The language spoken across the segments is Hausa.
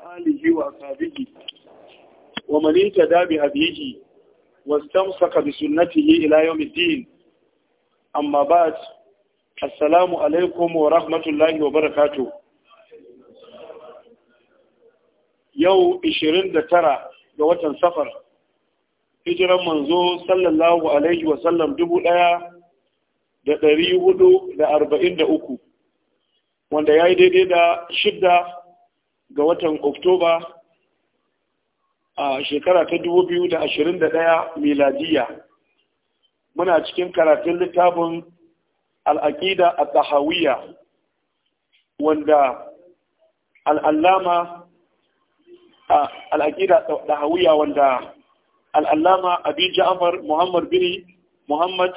alihi wa sahbihi wa man intada bi hadihi wastamsaka bi sunnatihi ila yawm ad-din amma ba'd assalamu alaikum wa rahmatullahi wa barakatuh yau 29 ga watan safar hijran manzo sallallahu alaihi wa sallam dubu daya da uku, wanda ya yi daidai da shidda ga watan oktoba a shekara ta 2021 miladiya muna cikin karatun littafin al'aƙida a tahawiyya wanda al'allama al'aƙida a tahawiyya wanda al'allama abin ja'afar muhammad biri muhammad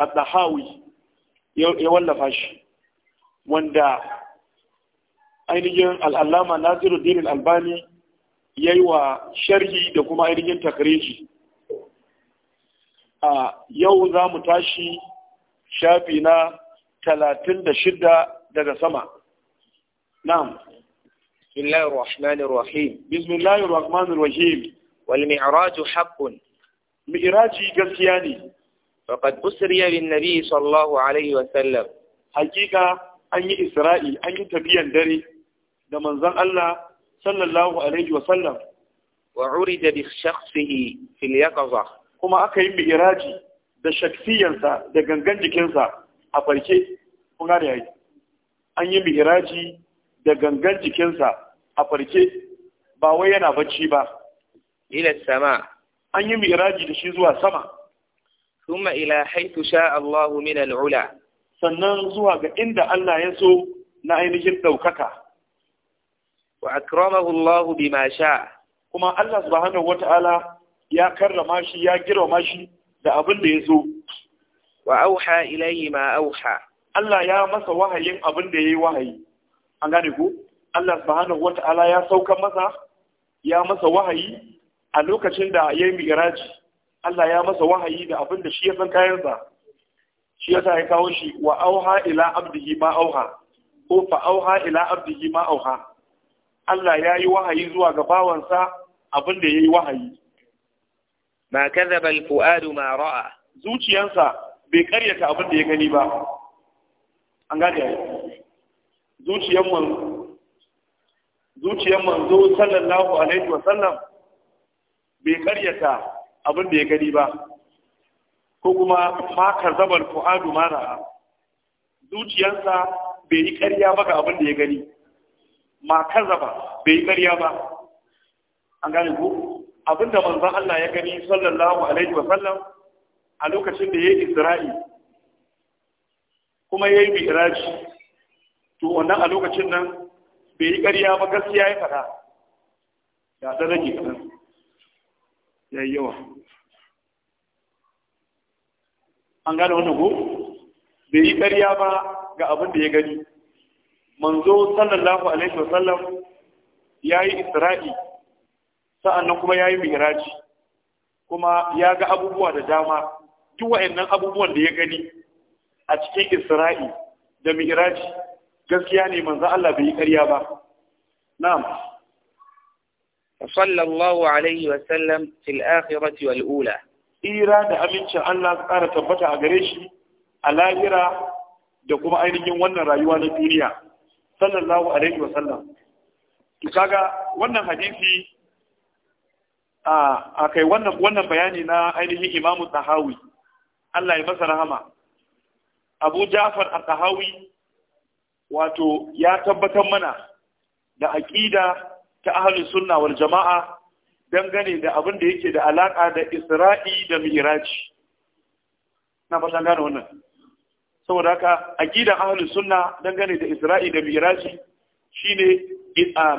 a tahawi ya wallafa shi wanda ainihin al'allama nasiruddin al'albani ya yi wa sharhi da kuma ainihin takriji a yau za mu tashi shafi na talatin da shida daga sama na'am bismillahir rahmanir rahim bismillahir rahmanir rahim wal mi'raju haqqun mi'raji gaskiya ne faqad usriya bin nabi sallallahu alaihi wa sallam hakika an yi isra'i an yi tafiyan dare da manzan Allah sallallahu alaihi wa sallam wa urida bi shakhsihi fil yaqza kuma aka yi mi'raji da shaksiyansa da gangan jikinsa a farke kun gane yayi an yi mi'raji da gangan jikinsa a farke ba wai yana bacci ba ila sama an yi mi'raji da shi zuwa sama thumma ila haythu sha'a Allahu min al-ula sannan zuwa ga inda Allah ya so na ainihin daukaka wa akramahu Allah bima sha kuma Allah subhanahu wata'ala ya karrama shi ya girma shi da abin da yaso wa auha ilayhi ma auha Allah ya masa wahayin abin da yayi wahayi an gane ku Allah subhanahu wata'ala ya sauka masa ya masa wahayi a lokacin da yayi migraji Allah ya masa wahayi da abin da shi ya san kayansa shi yasa ya kawo shi wa auha ila abdihi ma auha ko fa auha ila abdihi ma auha Allah ya yi wahayi zuwa ga bawansa abin da ya yi wahayi. Ma kaza bal fu'adu ma ra'a. Zuciyansa bai karyata abin da ya gani ba. An gada ya zuciyan manzo zuciyan manzo sallallahu alaihi wa sallam bai karyata abin da ya gani ba. Ko kuma ma kaza bal fu'adu ma ra'a. Zuciyansa bai yi karya ba ga abin da ya gani. ma ba bai yi ƙarya ba an gane ku abinda manzon Allah ya gani sallallahu alaihi wa sallam a lokacin da yayi Isra'i kuma yayi Mi'raj to wannan a lokacin nan bai yi ƙarya ba gaskiya ya faɗa ya ta rage kan ya yi yawa an gane wannan ku bai yi ƙarya ba ga abin da ya gani manzo sallallahu alaihi wasallam ya yi isra'i sa'annan kuma yayi yi kuma ya ga abubuwa da dama duk wa'annan abubuwan da ya gani a cikin isra'i da mihiraji gaskiya ne manzo Allah bai yi ƙarya ba na'am sallallahu alaihi wasallam fil akhirati wal ula ira da amincin Allah su ƙara tabbata a gare shi a lahira da kuma ainihin wannan rayuwa na duniya sallallahu alaihi wasallam to kaga wannan hadisi a kai wannan wannan bayani na ainihin imamu tahawi Allah ya masa rahama Abu Ja'far al-Tahawi wato ya tabbatar mana da aqida ta ahlus sunna wal jama'a dangane da abin da yake da alaka da Isra'i da Mi'raj na ba gane wannan saboda haka aqidan ahlus sunna dangane da isra'i da mi'raji shine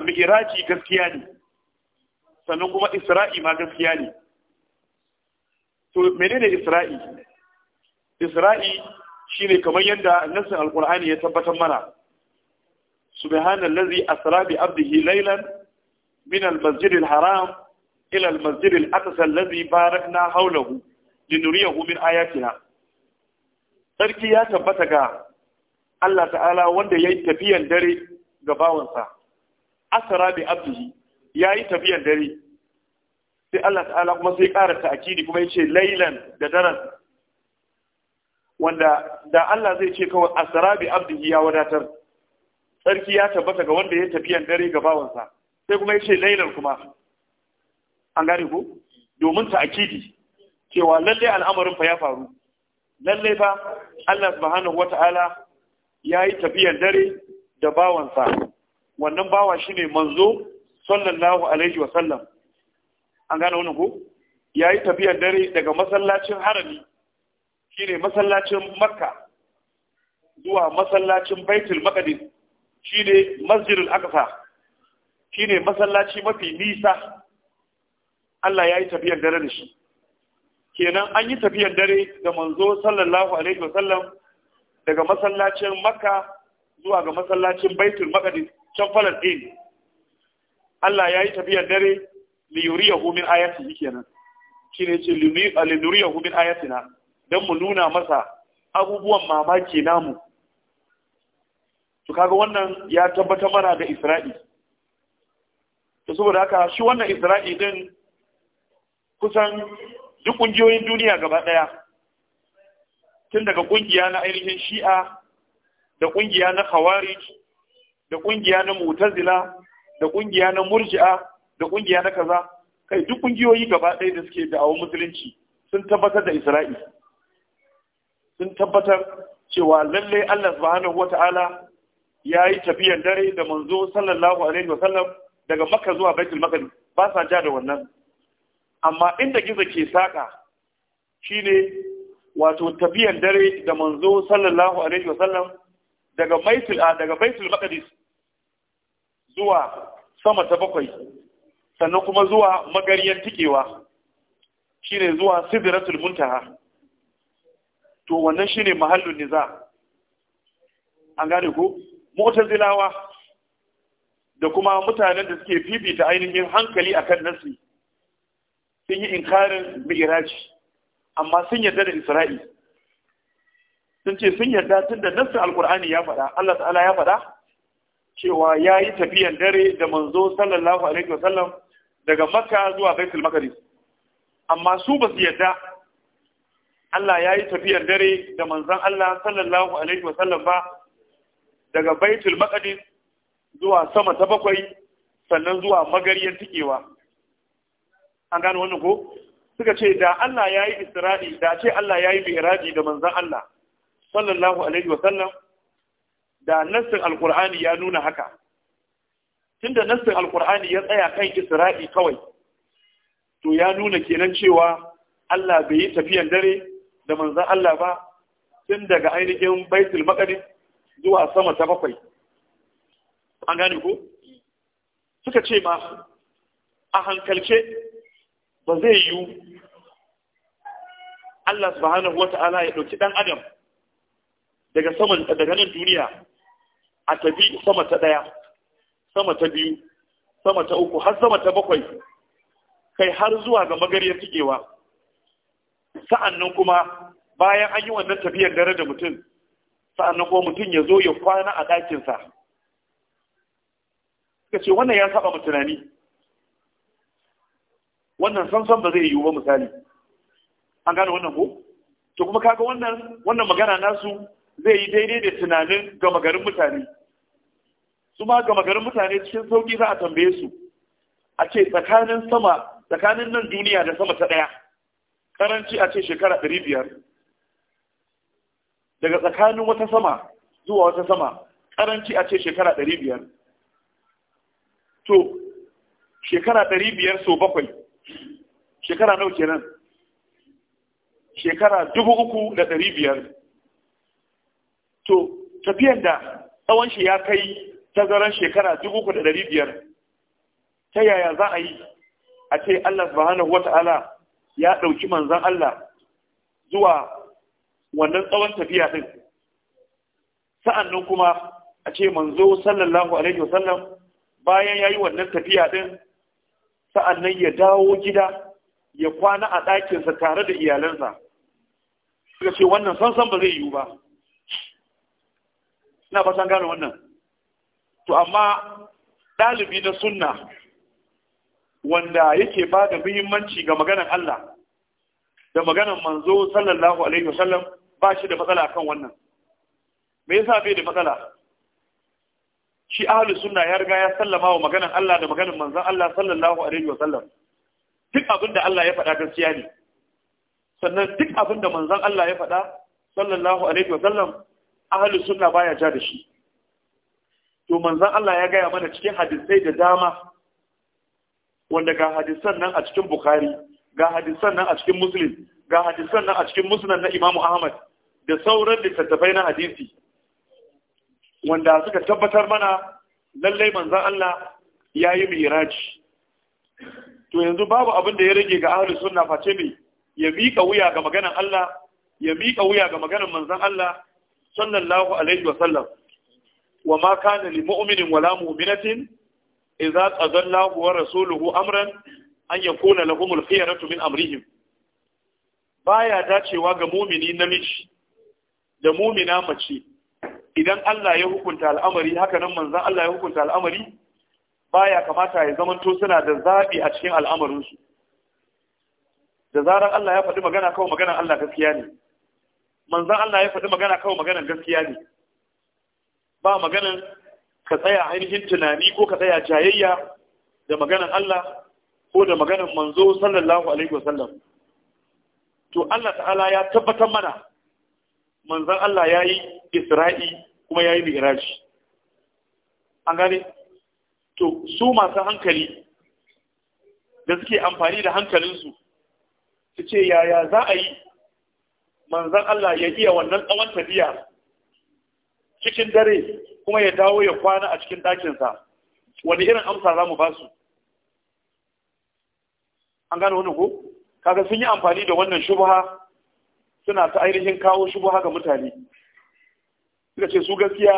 mi'raji gaskiya ne sannan kuma isra'i ma gaskiya ne to menene isra'i isra'i shine kamar yadda annabi alqur'ani ya tabbatar mana subhanallazi asra bi abdihi laylan min almasjid haram ila almasjid alaqsa allazi barakna hawlahu linuriyahu min ayatina Sarki ya tabbata ga Allah ta'ala wanda ya yi tafiyan dare ga bawansa asara bi abdihi ya yi tafiyan dare sai Allah ta'ala kuma sai ƙara ta'akidi kuma ya ce lailan da daren wanda da Allah zai ce kawai asara bi abdihi ya wadatar sarki ya tabbata ga wanda ya tafiyan dare ga bawansa sai kuma ya ce lailan kuma an gane ku domin ta'akidi cewa lallai al'amarin fa ya faru lallai ba, Allah subhanahu wata'ala ya yi tafiyar dare da bawansa wannan bawa shine manzo sallallahu alaihi wa sallam an gane wannan ko ya yi tafiyar dare daga masallacin harami shine masallacin makka zuwa masallacin baitul maqdis shine masjidul aqsa shine masallaci mafi nisa Allah ya yi tafiyar dare da shi kenan an yi tafiyar dare ga manzo sallallahu alaihi wasallam daga masallacin makka zuwa ga masallacin baitul maqdis can falastin Allah ya yi tafiyar dare li yuriyahu min ayatihi kenan shine ce li yuriyahu min ayatina dan mu nuna masa abubuwan mamaki namu to kaga wannan ya tabbata mana da isra'i to saboda haka shi wannan isra'i din kusan duk ƙungiyoyin duniya gaba ɗaya tun daga ƙungiya na ainihin shi'a da ƙungiya na khawarij da ƙungiya na mutazila da ƙungiya na murji'a da ƙungiya na kaza kai duk ƙungiyoyi gaba ɗaya da suke da'awar musulunci sun tabbatar da isra'i sun tabbatar cewa lalle allah subhanahu Ta'ala ya yi tafiyar dare da manzo sallallahu alaihi wasallam daga makka zuwa baitul maqdis ba sa ja da wannan amma inda gizo ke saka ne, wato tabiyan dare da manzo sallallahu alaihi wasallam daga a daga baitul maqdis zuwa sama ta bakwai sannan kuma zuwa magariyar tikewa shine zuwa sidratul muntaha to wannan shine mahallun niza an gane ko mu'tazilawa da kuma mutanen da suke fifita ainihin hankali akan nasi sun yi inkarin mi'iraji amma sun yarda da isra'i sun ce sun yarda tun da nasu alkur'ani ya faɗa Allah ta'ala ya faɗa cewa ya yi tafiyan dare da manzo sallallahu alaihi wasallam daga makka zuwa baitul maqdis amma su ba su yarda Allah ya yi tafiyan dare da manzon Allah sallallahu alaihi wasallam ba daga baitul maqdis zuwa sama ta bakwai sannan zuwa magariyar tikewa an gano wannan ko suka ce da Allah ya yi isra'i da ce Allah ya yi mi'raji da manzan Allah sallallahu alaihi wa sallam da nassin alqur'ani ya nuna haka tunda nassin alqur'ani ya tsaya kan isra'i kawai to ya nuna kenan cewa Allah bai yi tafiyan dare da manzan Allah ba tun daga ainihin baitul maqdis zuwa sama ta bakwai an gane ko suka ce ma a hankalce ba zai yiwu Allah subhanahu ta'ala ya ɗauki ɗan adam daga saman daga nan duniya a tafi sama ta ɗaya sama ta biyu sama ta uku har sama ta bakwai kai har zuwa ga magariyar tikewa sa'annan kuma bayan an yi wannan tafiyar dare da mutum sa'annan kuma mutum ya zo ya kwana a ɗakinsa suka ce wannan ya saba mutunani tunani wannan samsam ba zai yiwu ba misali an gane wannan ko to kuma kaga wannan wannan magana nasu zai yi daidai da tunanin gama garin mutane su ma gama garin mutane cikin sauki za a tambaye su a ce tsakanin sama tsakanin nan duniya da sama ta ɗaya karanci a ce shekara ɗari biyar daga tsakanin wata sama zuwa wata sama karanci a ce shekara ɗari biyar to shekara ɗari biyar sau bakwai shekara nau kenan shekara dubu uku da ɗari biyar to tafiyan da tsawon shi ya kai tazaran shekara dubu uku da ɗari biyar ta yaya za a yi a ce Allah subhanahu wata'ala ya ɗauki manzan Allah zuwa wannan tsawon tafiya ɗin sa'annan kuma a ce manzo sallallahu alaihi wasallam bayan ya yi wannan tafiya ɗin sa'annan ya dawo gida ya kwana a ɗakinsa tare da iyalansa suka ce wannan sansan ba zai yiwu ba ina fasan gane wannan to amma ɗalibi na sunna wanda yake ba da muhimmanci ga maganan Allah da maganan manzo sallallahu alaihi wasallam ba shi da matsala kan wannan me yasa bai da matsala shi ahalus sunna ya riga ya sallama wa maganar Allah da maganar manzon Allah sallallahu alaihi wa sallam duk abin da Allah ya faɗa gaskiya ne sannan duk abin da manzon Allah ya faɗa sallallahu alaihi wa sallam ahlus sunna baya ja da shi to manzon Allah ya gaya mana cikin hadisai da dama wanda ga hadisan nan a cikin Bukhari ga hadisan nan a cikin Muslim ga hadisan nan a cikin Musnad na Imam Ahmad da sauran littattafai na hadisi wanda suka tabbatar mana lallai manzan Allah ya yi miraji to yanzu babu abin da ya rage ga ahlus suna face mai ya miƙa wuya ga maganan Allah ya miƙa wuya ga maganan manzan Allah sallallahu alaihi wa sallam wa ma kana li mu'minin wala mu'minatin idza qadallahu wa rasuluhu amran an yakuna lahumul khiyaratu min amrihim baya dacewa ga mumini namiji da mumina mace idan Allah ya hukunta al'amari haka nan manzan Allah ya hukunta al'amari baya kamata ya to suna da zaɓi a cikin al'amarinsu da zarar Allah ya faɗi magana kawai maganar Allah gaskiya ne manzan Allah ya faɗi magana kawai maganar gaskiya ne ba maganar ka tsaya ainihin tunani ko ka tsaya jayayya da maganar Allah ko da maganar manzo sallallahu alaihi wasallam to Allah ta'ala ya tabbatar mana manzan Allah ya yi isra'i kuma ya yi miraji an gane to su masu hankali da suke amfani da hankalinsu su ce yaya za a yi manzan Allah ya iya wannan tsawon tafiya cikin dare kuma ya dawo ya kwana a cikin ɗakinsa wani irin amsa za mu ba su an gane wani ko kaga sun yi amfani da wannan shubha suna ta ainihin kawo shi haka mutane suka ce su gaskiya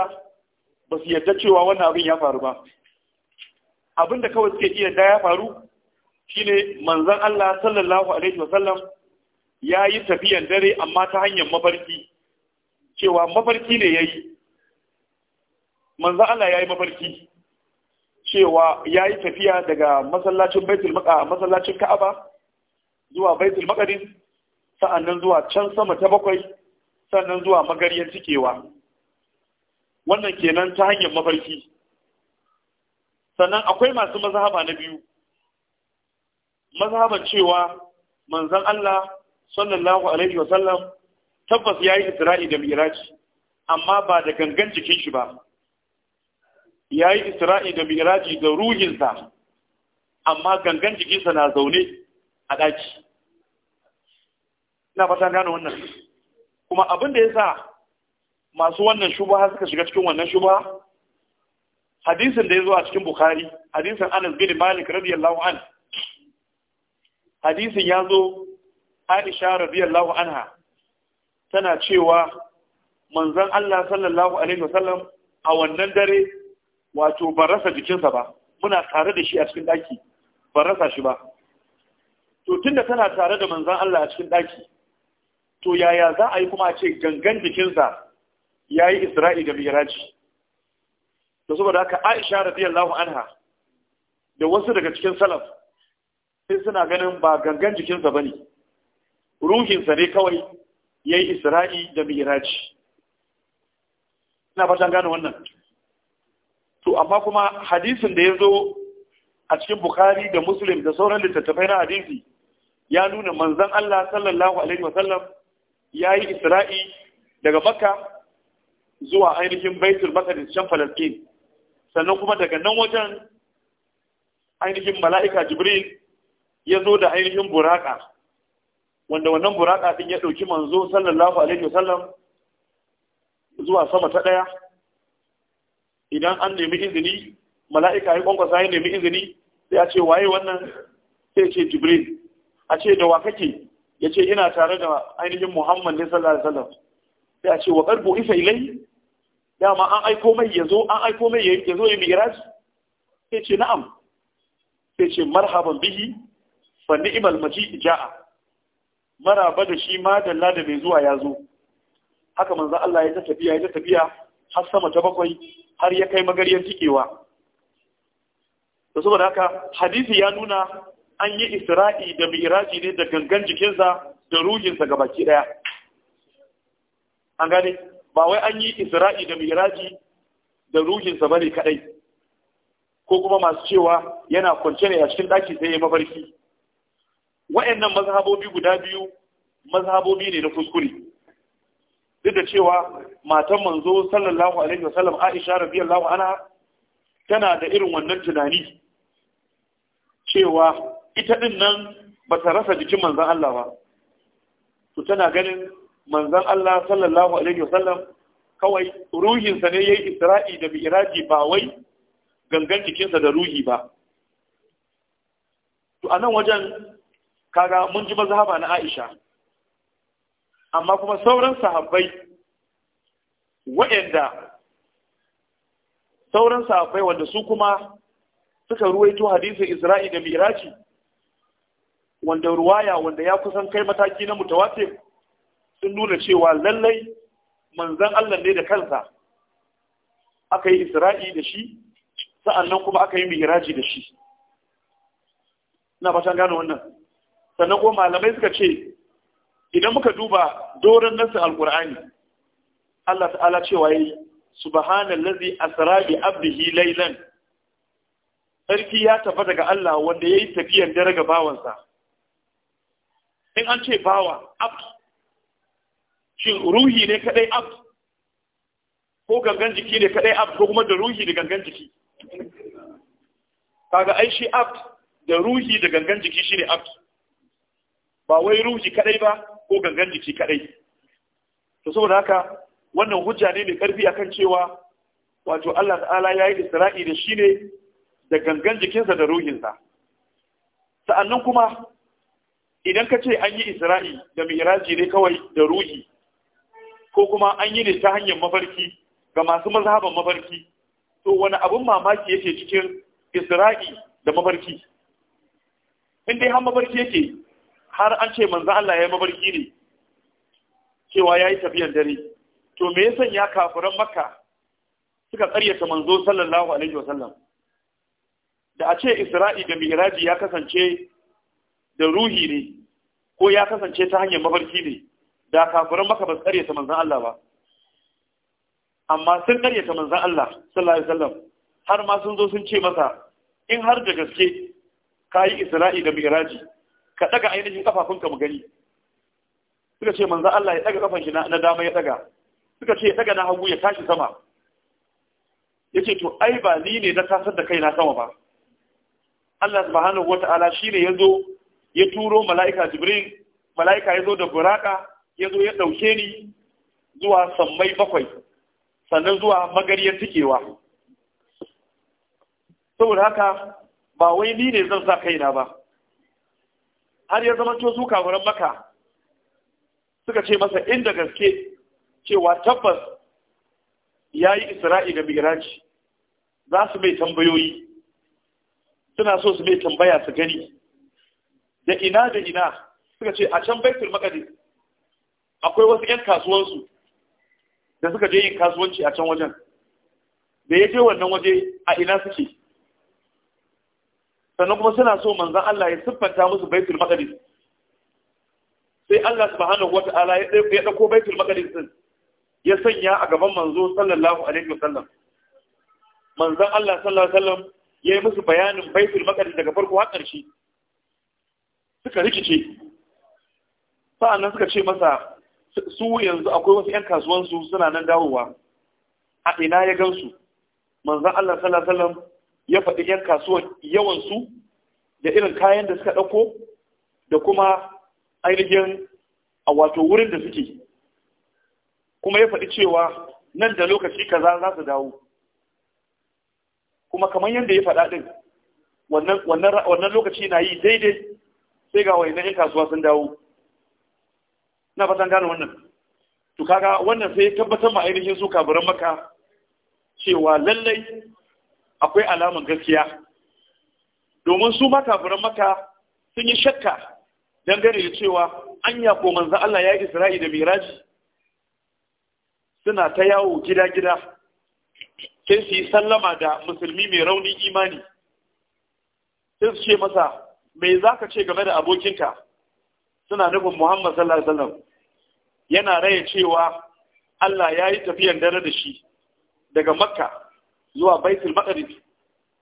ba su yarda cewa wannan abin ya faru ba abin da kawai suke iya da ya faru shine manzon Allah sallallahu alaihi wasallam ya yi tafiyan dare amma ta hanyar mafarki cewa mafarki ne ya yi manzan Allah ya yi mafarki cewa ya yi tafiya daga masallacin baitul maka masallacin ka'aba zuwa baitul makarin sa'annan zuwa can sama ta bakwai sannan zuwa magariyar cikewa wannan kenan ta hanyar mafarki sannan akwai masu mazahaba na biyu mazhaban cewa manzon Allah sallallahu alaihi wa sallam tabbas yi Isra'i da Mi'raj amma ba da gangan jikin shi ba yi Isra'i da miraci da ruhinsa amma gangan jikinsa na zaune a ɗaki. ina fata gane wannan kuma abin da ya sa masu wannan shuba suka shiga cikin wannan shuba hadisin da ya zo a cikin bukhari hadisin anas bin malik radiyallahu an hadisin ya zo aisha radiyallahu anha tana cewa manzon Allah sallallahu alaihi wasallam a wannan dare wato ban rasa jikinsa ba muna tare da shi a cikin daki ban rasa shi ba to tunda tana tare da manzon Allah a cikin daki to yaya za a yi kuma ce gangan jikinsa ya yi isra'i da miraji da saboda haka aisha radiyallahu anha da wasu daga cikin salaf sai suna ganin ba gangan jikinsa ba ne ruhinsa ne kawai ya yi isra'i da miraji ina fatan gane wannan to amma kuma hadisin da ya zo a cikin bukari da muslim da sauran littattafai na hadisi ya nuna manzan allah sallallahu alaihi wasallam ya yi isra'i daga makka zuwa ainihin baitul maqdis can falastin sannan kuma daga nan wajen ainihin mala'ika jibril ya zo da ainihin buraka wanda wannan buraka din ya ɗauki manzo sallallahu alaihi wasallam zuwa sama ta ɗaya. idan an nemi izini mala'ika ya kwankwasa ya nemi izini sai a ce waye wannan sai ce jibril a ce da wa kake ya ce ina tare da ainihin muhammad ne sallallahu alaihi wasallam sai a ce wa karbu isa ilai dama an aiko mai ya an aiko mai yazo ya mi'raj sai ce na'am sai ce marhaban bihi fa ni'mal maji ja'a maraba da shi ma dalla da mai zuwa ya zo haka manzo Allah ya ta tafiya ya ta tafiya har sama ta bakwai har ya kai magariyar tikewa da saboda haka hadisi ya nuna an yi isra'i da mi'raji ne da gangan jikinsa da ruhinsa ga baki ɗaya an gane ba wai an yi isra'i da mi'raji da ruhinsa bane kaɗai. ko kuma masu cewa yana kwance ne a cikin ɗaki sai ya mafarki wa'annan mazhabobi guda biyu mazhabobi ne na kuskure duk da cewa matan manzo sallallahu alaihi wasallam Aisha radiyallahu anha tana da irin wannan tunani cewa ita din nan ba ta rasa jikin Manzon Allah ba to tana ganin Manzon Allah sallallahu alaihi wasallam kawai ruhinsa ne yayi isra'i da bi'raji ba wai gangan jikinsa da ruhi ba to anan wajen kaga mun ji mazhaba na Aisha amma kuma sauran sahabbai waɗanda sauran sahabbai wanda su kuma suka ruwaito hadisin Isra'i da Mi'raji wanda ruwaya wanda ya kusan kai mataki na mutawatir sun nuna cewa lallai manzan Allah ne da kansa aka yi isra'i da shi sa'annan kuma aka yi mihiraji da shi ina fatan gano wannan sannan kuma malamai suka ce idan muka duba doron nasu alkur'ani Allah ta'ala cewa yi lazi asra bi abdihi laylan sarki ya tafa daga Allah wanda ya yi tafiyar dare ga bawansa in an ce bawa abd shin ruhi ne kadai abd ko gangan jiki ne kadai abd ko kuma da ruhi da gangan jiki kaga ai shi abd da ruhi da gangan jiki shine abd ba wai ruhi kadai ba ko gangan jiki kadai to saboda haka wannan hujja ne mai karfi akan cewa wato Allah ta'ala ya yi isra'i da da gangan jikinsa da ruhinsa sa'annan kuma idan ka ce an yi isra'i da miraji ne kawai da ruhi ko kuma an yi ne ta hanyar mafarki ga masu mazhaban mafarki to wani abin mamaki yake cikin isra'i da mafarki in dai har mafarki yake har an ce manzo Allah ya yi mafarki ne cewa ya yi tafiyan dare to me yasan ya sanya kafiran makka suka karyata manzo sallallahu alaihi wasallam da a ce isra'i da miraji ya kasance da ruhi ne ko ya kasance ta hanyar mafarki ne da kafirin maka ba su karyata manzan Allah ba amma sun karyata manzan Allah sallallahu alaihi wasallam har ma sun zo sun ce masa in har da gaske ka yi isra'i da miraji ka daga ainihin kafafunka mu gani suka ce manzan Allah ya daga kafan shi na dama ya daga suka ce ya daga na hagu ya tashi sama yace to ai ba ni ne na tasar da kaina sama ba Allah subhanahu wata'ala ya zo. ya turo mala'ika jibril mala'ika ya zo da buraka ya zo ya ɗauke ni zuwa sammai bakwai sannan zuwa magariyar tikewa saboda haka ba wai ni ne zan sa kaina ba har ya zama su kafuran maka suka ce masa inda gaske cewa tabbas ya yi isra'i da migraci za su mai tambayoyi suna so su mai tambaya su gani da ina da ina suka ce a can baitul maqdis akwai wasu ƴan kasuwansu da suka je yin kasuwanci a can wajen da ya je wannan waje a ina suke sannan kuma suna so manzan Allah ya siffanta musu baitul maqdis sai Allah subhanahu wata'ala ya dauko baitul maqdis din ya sanya a gaban manzo sallallahu alaihi wasallam manzan Allah sallallahu alaihi wasallam yayi musu bayanin baitul maqdis daga farko har ƙarshe suka rikice sa'annan suka ce masa su yanzu akwai wasu 'yan kasuwansu suna nan dawowa a ina ya gansu manzan Allah salasalam ya faɗi 'yan kasuwan yawansu da irin kayan da suka ɗauko da kuma ainihin a wato wurin da suke kuma ya faɗi cewa nan da lokaci kaza za su dawo kuma kamar yadda ya faɗa ɗin wannan lokaci na yi daidai sai ga wani ɗan kasuwa sun dawo na fatan gane wannan to kaga wannan sai tabbatar ma ainihin su kaburan maka cewa lallai akwai alamun gaskiya domin su ma kaburan maka sun yi shakka dangane da cewa an ya ko manzo Allah ya yi Isra'i da Miraji suna ta yawo gida-gida sai su yi sallama da musulmi mai raunin imani sai su ce masa me za ka ce game da abokinka suna nufin muhammad sallallahu alaihi wasallam yana raya cewa Allah ya yi tafiyan dare da shi daga makka zuwa baitul maqdis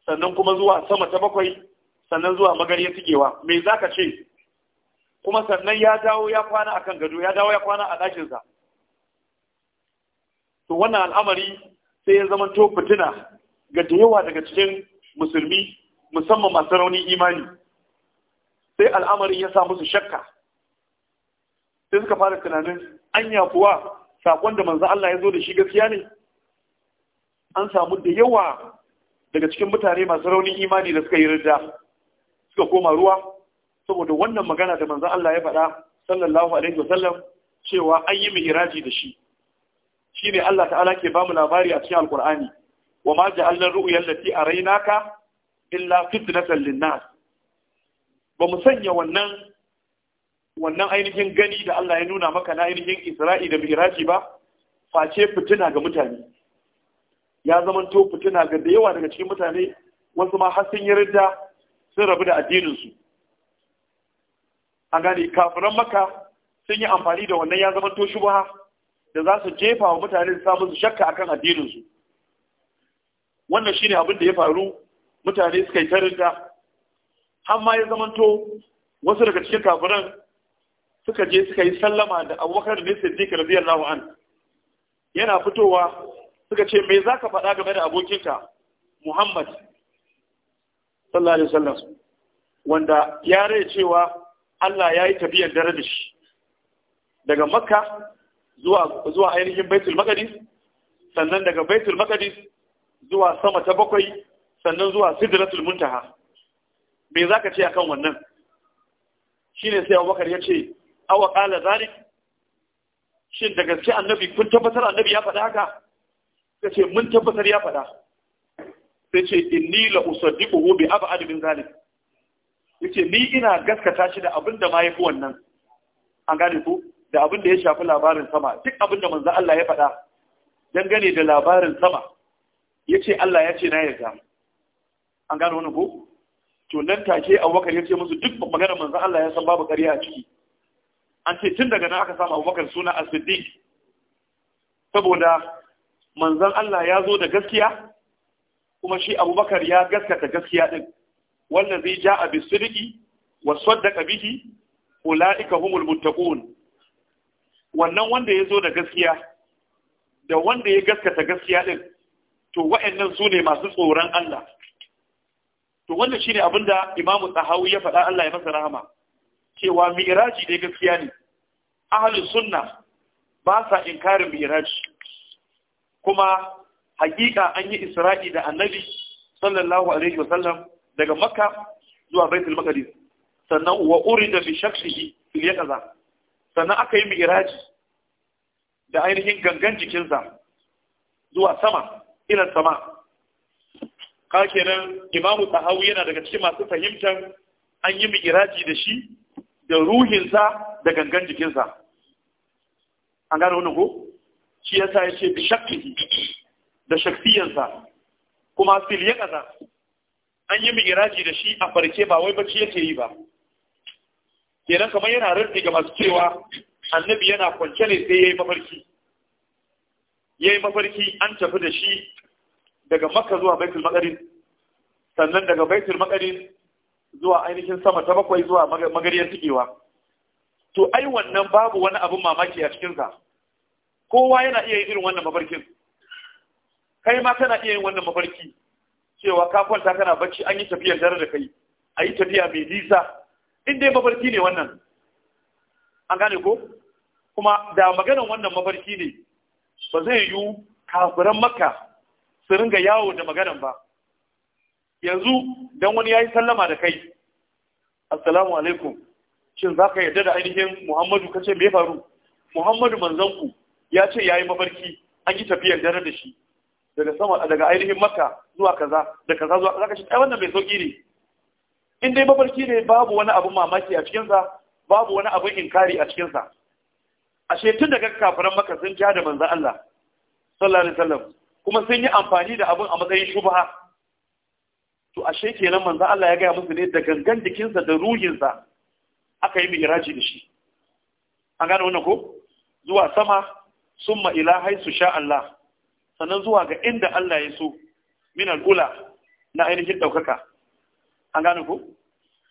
sannan kuma zuwa sama ta bakwai sannan zuwa magariyar tigewa me za ka ce kuma sannan ya dawo ya kwana akan gado ya dawo ya kwana a ɗakinsa to wannan al'amari sai ya zama to fitina ga da daga cikin musulmi musamman masu rauni imani sai al'amarin ya sa musu shakka sai suka fara tunanin anya kuwa sakon da manzan Allah ya zo da shi gaskiya ne an samu da yawa daga cikin mutane masu raunin imani da suka yi rida suka koma ruwa saboda wannan magana da manzan Allah ya faɗa sallallahu alaihi wasallam cewa an yi mihraji da shi shi ne Allah ta'ala ke ba mu labari a cikin alkur'ani wa ma ja'alna ru'yal lati araynaka illa fitnatan lin-nas ba mu sanya wannan wannan ainihin gani da Allah ya nuna maka na ainihin Isra'i da Miraji ba face fitina ga mutane ya zamanto fitina ga da yawa daga cikin mutane wasu ma har sun yi ridda sun rabu da addinin su an gane kafiran maka sun yi amfani da wannan ya zamanto shubha da za su jefa wa mutane su samu shakka akan addinin su wannan shine abin da ya faru mutane suka yi tarinta amma ya zamanto wasu daga cikin kafiran suka je suka yi sallama da abubakar da siddiq radiyallahu an yana fitowa suka ce me zaka faɗa game da abokinka muhammad sallallahu alaihi wasallam wanda ya rai cewa Allah ya yi tafiyar dare da shi daga makka zuwa zuwa ainihin baitul maqdis sannan daga baitul maqdis zuwa sama ta bakwai sannan zuwa sidratul muntaha me za ka ce akan wannan shi ne sai abubakar ya ce awa ƙala zalik shin da gaske annabi kun tabbatar annabi ya faɗa haka ta ce mun tabbatar ya faɗa sai ce inni la usaddiquhu abu ab'ad min Ya ce ni ina gaskata shi da abin da ma fi wannan an gane ku da abin da ya shafi labarin sama duk abin da manzo Allah ya faɗa dangane da labarin sama ya ce Allah ya ce na yarda an gane wannan ku to nan take abubakar ya ce musu duk maganar manzo Allah ya san babu ƙarya a ciki an ce tun daga nan aka samu abubakar suna as-siddiq saboda manzon Allah ya zo da gaskiya kuma shi abubakar ya gaskata gaskiya din wanda zai ja a bisidiki wa saddaka bihi ulaika humul muttaqun wannan wanda ya zo da gaskiya da wanda ya gaskata gaskiya din to wa'annan su ne masu tsoron Allah to wannan shi abin da imamu tsahawu ya faɗa Allah ya masa rahama cewa mi'iraji ne gaskiya ne Ahalin sunna ba sa inkarin mi'raji kuma haƙiƙa an yi isra'i da annabi sallallahu alaihi wa sallam daga makka zuwa baitul maqdis sannan wa urida bi shakhsihi fil yaqza sannan aka yi mi'iraji da ainihin gangan jikinsa zuwa sama ila sama ka kenan imamu tahawi yana daga cikin masu fahimtar an yi miƙiraji da shi da ruhinsa da gangan jikinsa an gane wani ko shi yasa ya ce bi shakki da shakfiyansa kuma fil ya kaza an yi miƙiraji da shi a farke ba wai bacci yake yi ba kenan kamar yana rarrabe ga masu cewa annabi yana kwance ne sai ya yi mafarki ya yi mafarki an tafi da shi daga makka zuwa baitul maqdis sannan daga baitul maqdis zuwa ainihin sama ta bakwai zuwa magariyar tikewa to ai wannan babu wani abin mamaki a cikin sa kowa yana iya yin irin wannan mafarkin kai ma kana iya yin wannan mafarki cewa ka kwanta kana bacci an yi tafiyar dare da kai a yi tafiya mai nisa in dai mafarki ne wannan an gane ko kuma da maganar wannan mafarki ne ba zai yiwu kafiran makka su ringa yawo da maganan ba yanzu dan wani yayi sallama da kai assalamu alaikum shin ka yarda da ainihin Muhammadu kace me faru Muhammadu manzanku ya ce yayi mafarki an yi tafiyar dare da shi daga sama daga ainihin Makka zuwa kaza da kaza zuwa za ka ai wannan mai sauki ne in dai mafarki ne babu wani abin mamaki a cikinsa babu wani abin inkari a cikinsa ashe tun daga kafiran maka sun ja da manzan Allah sallallahu alaihi wasallam kuma sun yi amfani da abin a matsayin shubha to ashe kenan manzo Allah ya gaya musu ne da gangan jikinsa da ruhinsa aka yi mihraji da shi an gane wannan ko zuwa sama summa ila haisu sha Allah sannan zuwa ga inda Allah ya so min al'ula na ainihin daukaka an gane ko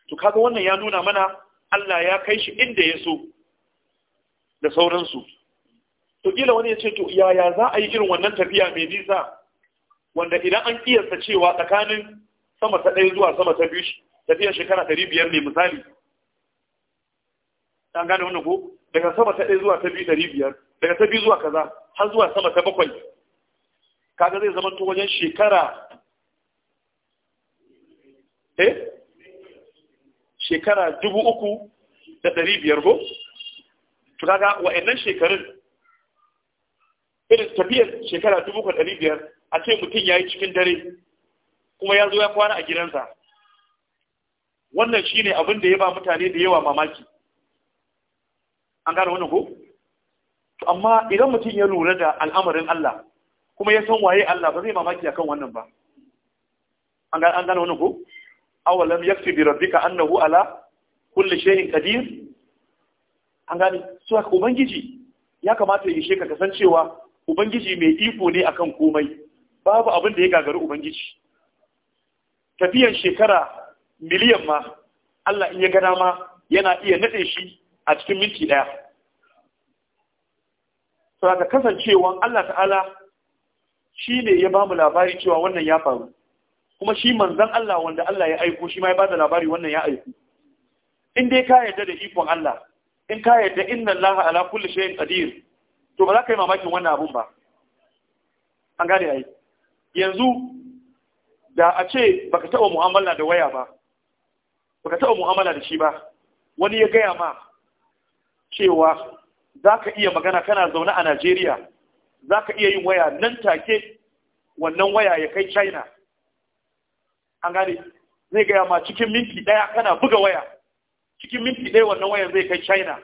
to kaga wannan ya nuna mana Allah ya kai shi inda ya so da sauransu to Gila wani ya ce to yaya za a yi irin wannan tafiya mai nisa wanda idan an kiyasta cewa tsakanin sama ta ɗaya zuwa sama ta biyu tafiyar shekara ɗari biyar ne misali an gane wannan ko daga sama ta ɗaya zuwa ta biyu ɗari biyar daga ta biyu zuwa kaza har zuwa sama ta bakwai kaga zai zama to wajen shekara eh shekara dubu uku da ɗari biyar ko to kaga wa'annan shekarun tafiyar shekara dubu ka ɗari biyar a ce mutum ya yi cikin dare kuma ya zo ya kwana a gidansa wannan shi ne abin da ya ba mutane da yawa mamaki an gane wani ko amma idan mutum ya lura da al'amarin Allah kuma ya san waye Allah ba zai mamaki akan wannan ba an gane an gane wannan ko awalam yakfi bi rabbika annahu ala kulle shehin kadir an gane so ubangiji ya kamata ya sheka kasancewa ubangiji mai iko ne akan komai babu abin da ya gagari ubangiji tafiyan shekara miliyan ma Allah in ya gana ma yana iya naɗe shi a cikin minti daya saboda kasancewan Allah ta'ala shi ne ya ba mu labari cewa wannan ya faru kuma shi manzan Allah wanda Allah ya aiko shi ma ya ba da labari wannan ya aiko in dai ka yarda da ikon Allah in ka yarda inna Allah ala kulli shay'in qadir to ba za ka yi mamakin wannan abun ba an gane yi. yanzu da a ce baka taɓa mu'amala da waya ba baka taɓa mu'amala da shi ba wani ya gaya ma cewa za ka iya magana kana zaune a Najeriya za ka iya yin waya nan take wannan waya ya kai China an gane zai gaya ma cikin minti ɗaya kana buga waya cikin minti ɗaya wannan wayan zai kai China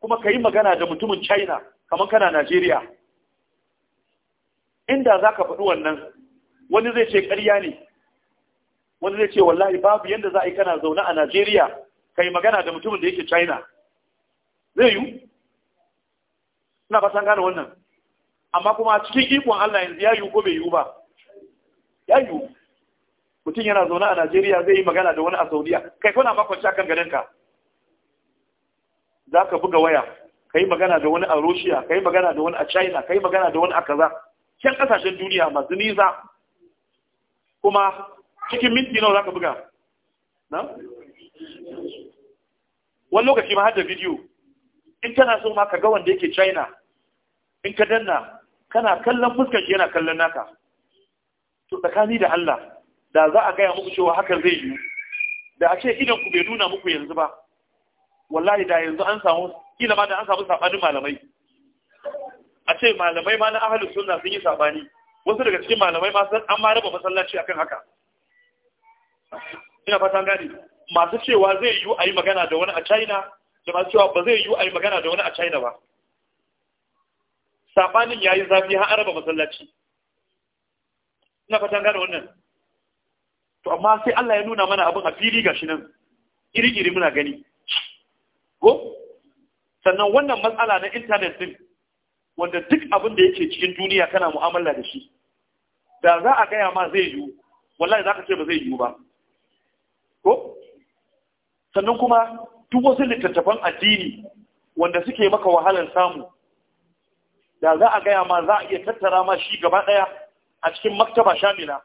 kuma ka yi magana da mutumin China kamar kana Najeriya inda za ka faɗi wannan wani zai ce ƙarya ne wani zai ce wallahi babu yadda za a yi kana zaune a Najeriya ka yi magana da mutumin da yake China zai yi suna fasan gane wannan amma kuma cikin ikon Allah yanzu ya yiwu ko bai yiwu ba ya yiwu mutum yana zaune a Najeriya zai yi magana da wani a Saudiya kai kuna makon kan ganinka za ka buga waya kai magana da wani a Russia kai magana da wani a China kai magana da wani a kaza can kasashen duniya masu nisa kuma cikin minti nawa zaka buga na wani lokaci ma har da bidiyo in kana so ma ka ga wanda yake China in ka danna kana kallon fuskar shi yana kallon naka to tsakani da Allah da za a gaya muku cewa hakan zai yi da a ce idan ku bai nuna muku yanzu ba wallahi da yanzu an samu kila ma da an samu sabanin malamai a ce malamai ma na ahalin sunna sun yi sabani wasu daga cikin malamai ma san an ma raba masallaci akan haka ina fatan gane masu cewa zai yiwu a yi magana da wani a China da masu cewa ba zai yiwu a yi magana da wani a China ba sabanin yi zafi har araba masallaci ina fatan gane wannan to amma sai Allah ya nuna mana abin a fili gashi nan iri-iri muna gani ko sannan wannan matsala na intanet din wanda duk abin da yake cikin duniya kana mu'amala da shi da za a gaya ma zai yiwu wallahi za ka ce ba zai yiwu ba ko sannan kuma duk wasu littattafan addini wanda suke maka wahalar samu da za a gaya ma za a iya tattara ma shi gaba ɗaya a cikin maktaba shamila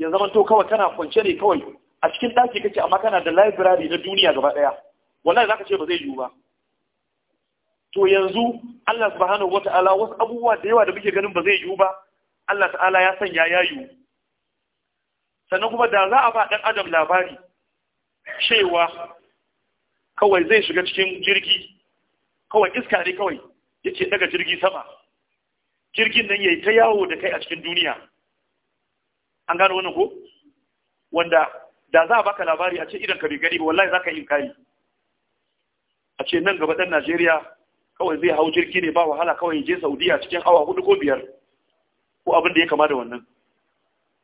ya zama to kawai kana kwance ne kawai a cikin ɗaki kake amma kana da library na duniya gaba ɗaya wallahi zaka ce ba zai yiwu ba to yanzu Allah subhanahu wata'ala wasu abubuwa da yawa da muke ganin ba zai yiwu ba Allah ta'ala ya sanya ya yiwu sannan kuma da za a ba dan adam labari cewa kawai zai shiga cikin jirgi kawai iska ne kawai yake daga jirgi sama jirgin nan yayi ta yawo da kai a cikin duniya an gano wannan ko wanda da za a baka labari a ce idan ka bai gani wallahi zaka yi kari a ce nan gaba ɗan najeriya kawai zai hau jirgi ne ba wahala kawai je saudiya cikin awa hudu ko biyar ko abin da ya kama da wannan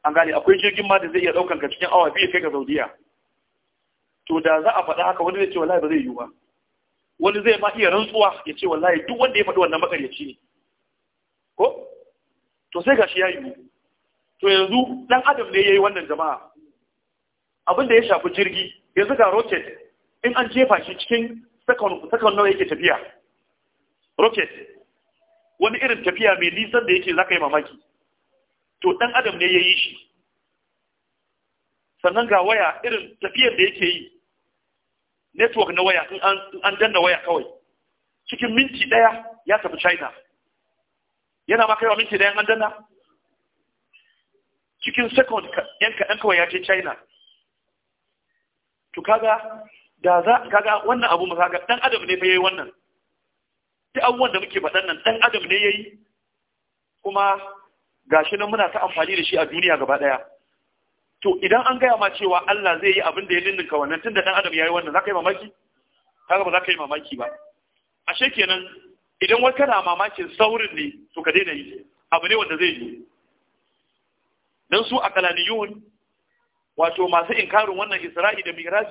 an gane akwai jirgin ma da zai iya ɗaukan ka cikin awa biyu kai ga saudiya to da za a faɗa haka wani zai ce wallahi ba zai yiwu ba wani zai ma iya rantsuwa ya ce wallahi duk wanda ya faɗi wannan makaryaci ne ko to sai gashi ya yiwu to yanzu dan adam ne yayi wannan jama'a abin da ya shafi jirgi yanzu ga rocket in an jefa shi cikin sakon nawa yake tafiya rocket wani irin tafiya mai nisan da yake zaka yi mamaki to dan adam ne ya yi shi sannan ga waya irin tafiyar da yake yi network na waya in an danna waya kawai cikin minti daya ya tafi china yana ma kaiwa minti daya an danna cikin second yan kaɗan kawai ya ce china to kaga da za kaga wannan abu masaga? dan adam ne fa yayi wannan duk abubuwan da muke faɗan nan dan adam ne yayi kuma gashi nan muna ta amfani da shi a duniya gaba ɗaya. to idan an gaya ma cewa Allah zai yi abin da ya ninninka wannan tunda dan adam yayi wannan zaka yi mamaki kaga ba zaka yi mamaki ba ashe kenan idan wai kana mamakin saurin ne to ka daina yi abu ne wanda zai yi dan su akalaniyun wato masu inkarin wannan Isra'i da Mi'raj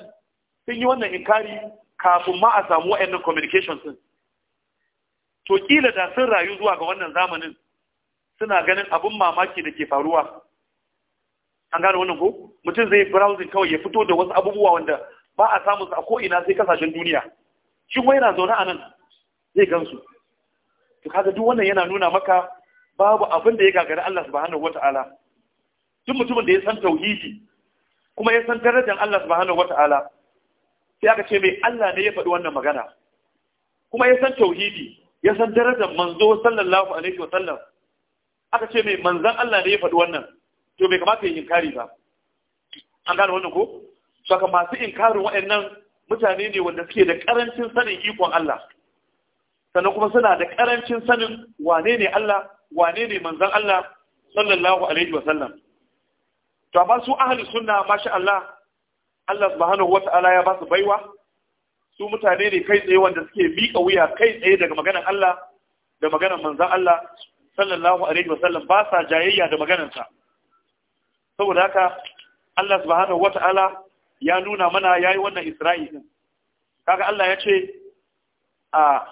sun yi wannan inkari kafin ma a samu wa'annan communication sun to kila da sun rayu zuwa ga wannan zamanin suna ganin abin mamaki da ke faruwa an gane wannan ko mutum zai browsing kawai ya fito da wasu abubuwa wanda ba a samun su a ko'ina sai kasashen duniya shi kuma yana zaune a nan zai gansu to kaga duk wannan yana nuna maka babu abin da ya gagari Allah subhanahu wata'ala duk mutumin da ya san tauhidi kuma ya san darajar Allah subhanahu wata'ala sai aka ce mai Allah ne ya faɗi wannan magana kuma ya san tauhidi ya san darajar manzo sallallahu alaihi wa sallam aka ce mai manzan Allah ne ya faɗi wannan to bai kamata ya inkari ba an gane wannan ko saka masu inkarin waɗannan mutane ne wanda suke da karancin sanin ikon Allah sannan kuma suna da karancin sanin wane ne Allah wane ne manzan Allah sallallahu alaihi wa sallam to amma su ahli sunna masha Allah Allah subhanahu wata'ala ya ba su baiwa su mutane ne kai tsaye wanda suke miƙa wuya kai tsaye daga maganar Allah da maganar manzan Allah sallallahu alaihi wa sallam ba sa jayayya da maganarsa saboda haka Allah subhanahu wata'ala ya nuna mana yayi wannan Isra'i din kaga Allah ya ce a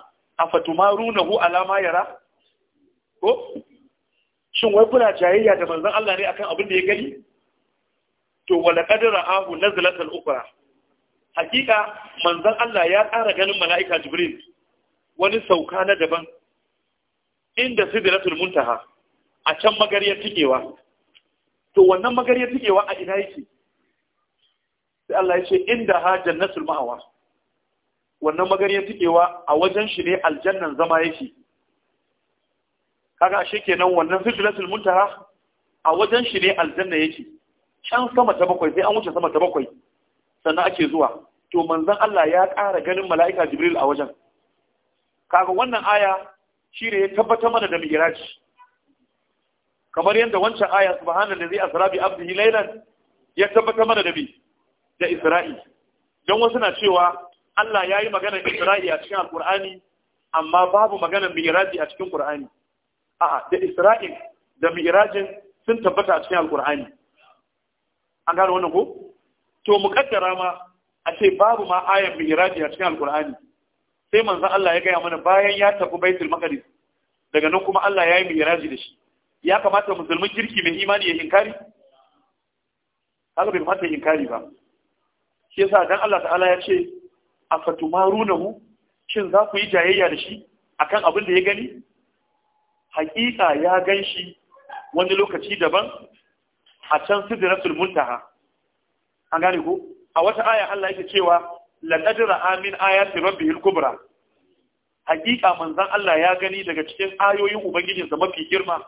afatumarunahu ala ma yara ko shin wai kuna jayayya da manzan Allah ne akan abin da ya gani to wala qadara ahu nazlatal ukra hakika manzon Allah ya ƙara ganin mala'ika jibril wani sauka na daban inda sidratul muntaha a can magariyar tikewa to wannan magariyar tikewa a ina yake sai Allah ya ce inda ha jannatul ma'awa wannan magariyar tikewa a wajen shi ne aljannan zama yake kaga ashe kenan wannan sidratul muntaha a wajen shi ne aljanna yake can sama ta bakwai sai an wuce sama ta bakwai sannan ake zuwa to manzon Allah ya ƙara ganin mala'ika Jibril a wajen kaga wannan aya shi ne ya tabbatar mana da mi'raj kamar yadda wancan aya subhanallazi asra bi abdihi laylan ya tabbatar mana da bi da Isra'i don wasu na cewa Allah ya yi maganar Isra'i a cikin Alƙur'ani amma babu maganar mi'raji a cikin Ƙur'ani a'a da Isra'i da mi'rajin sun tabbata a cikin Alƙur'ani an gano wannan ko to mu kaddara ma a ce babu ma ayan mihraji a cikin alkur'ani sai manzon Allah ya gaya mana bayan ya tafi baitul maqdis daga nan kuma Allah ya yi mihraji da shi ya kamata musulmin kirki mai imani ya inkari haka bai fata inkari ba shi yasa dan Allah ta'ala ya ce afatumarunahu shin za ku yi jayayya da shi akan abin da ya gani hakika ya gan shi wani lokaci daban a can sidratul muntaha an gane ku. a wata aya Allah yake cewa laqad ra'a min ayati rabbihil kubra hakika manzon Allah ya gani daga cikin ayoyin ubangijinsa mafi girma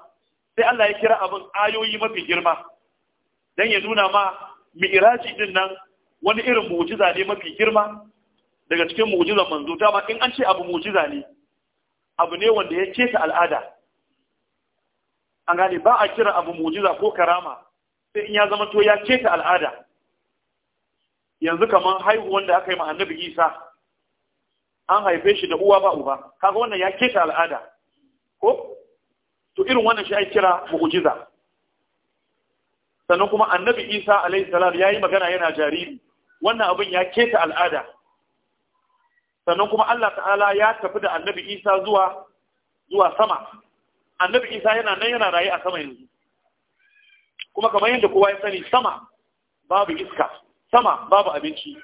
sai Allah ya kira abin ayoyi mafi girma dan ya nuna ma mi'raji din nan wani irin mu'jiza ne mafi girma daga cikin mu'jizan manzo ta ma in an ce abu mu'jiza ne abu ne wanda ya keta al'ada an gane ba a kira abu mu'jiza ko karama sai in ya zama to ya keta al'ada yanzu kamar haihuwan da aka yi ma annabi isa an haife shi da uwa ba uba kaga wannan ya keta al'ada ko to irin wannan shi ai kira mu'jiza sannan kuma annabi isa alaihi salam ya yi magana yana jariri wannan abin ya keta al'ada sannan kuma allah ta'ala ya tafi da annabi isa zuwa zuwa sama annabi isa yana nan yana raye a sama yanzu kuma kamar yadda kowa ya sani sama babu iska sama babu abinci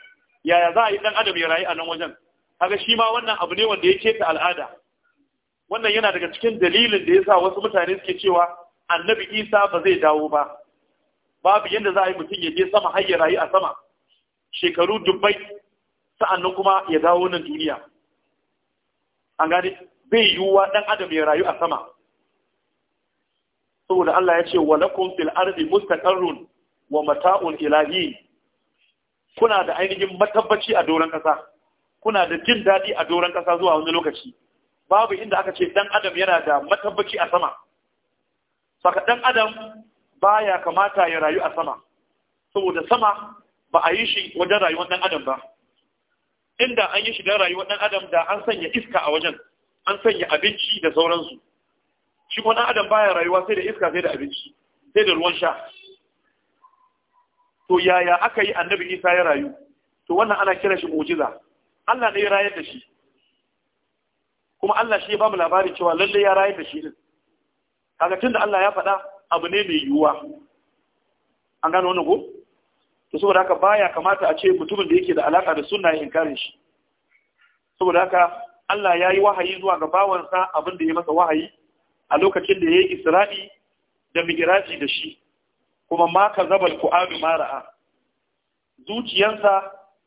yaya za a yi ɗan adam ya rayu a nan wajen kaga shi ma wannan abu ne wanda ya keta al'ada wannan yana daga cikin dalilin da ya sa wasu mutane suke cewa annabi isa ba zai dawo ba babu yadda za a yi mutum ya je sama har ya rayu a sama shekaru dubbai sa'annan kuma ya dawo nan duniya an gane bai yiwuwa dan adam ya rayu a sama saboda Allah ya ce wa lakum fil ardi mustaqarrun wa mata'un ilahi kuna da ainihin matabbaci a doron kasa kuna da jin daɗi a doron kasa zuwa wani lokaci babu inda aka ce dan adam yana da matabbaci a sama saka dan adam baya kamata ya rayu a sama saboda sama ba a yi shi wajen rayuwar dan adam ba inda an yi shi don rayuwar dan adam da an sanya iska a wajen an sanya abinci da sauransu shi kuma adam baya rayuwa sai da iska sai da abinci sai da ruwan sha to yaya aka yi annabi isa ya rayu to wannan ana kiran shi mu'jiza Allah ne ya rayar da shi kuma Allah shi ya ba mu labari cewa lalle ya rayar da shi din kaga tunda Allah ya faɗa abu ne mai yiwuwa an gano wannan ko to saboda haka baya kamata a ce mutumin da yake da alaka da sunna ya inkarin shi saboda haka Allah ya yi wahayi zuwa ga bawansa abin da ya masa wahayi a lokacin da ya yi isra'i da migiraji da shi kuma ma ka zabal ku'adu mara'a zuciyarsa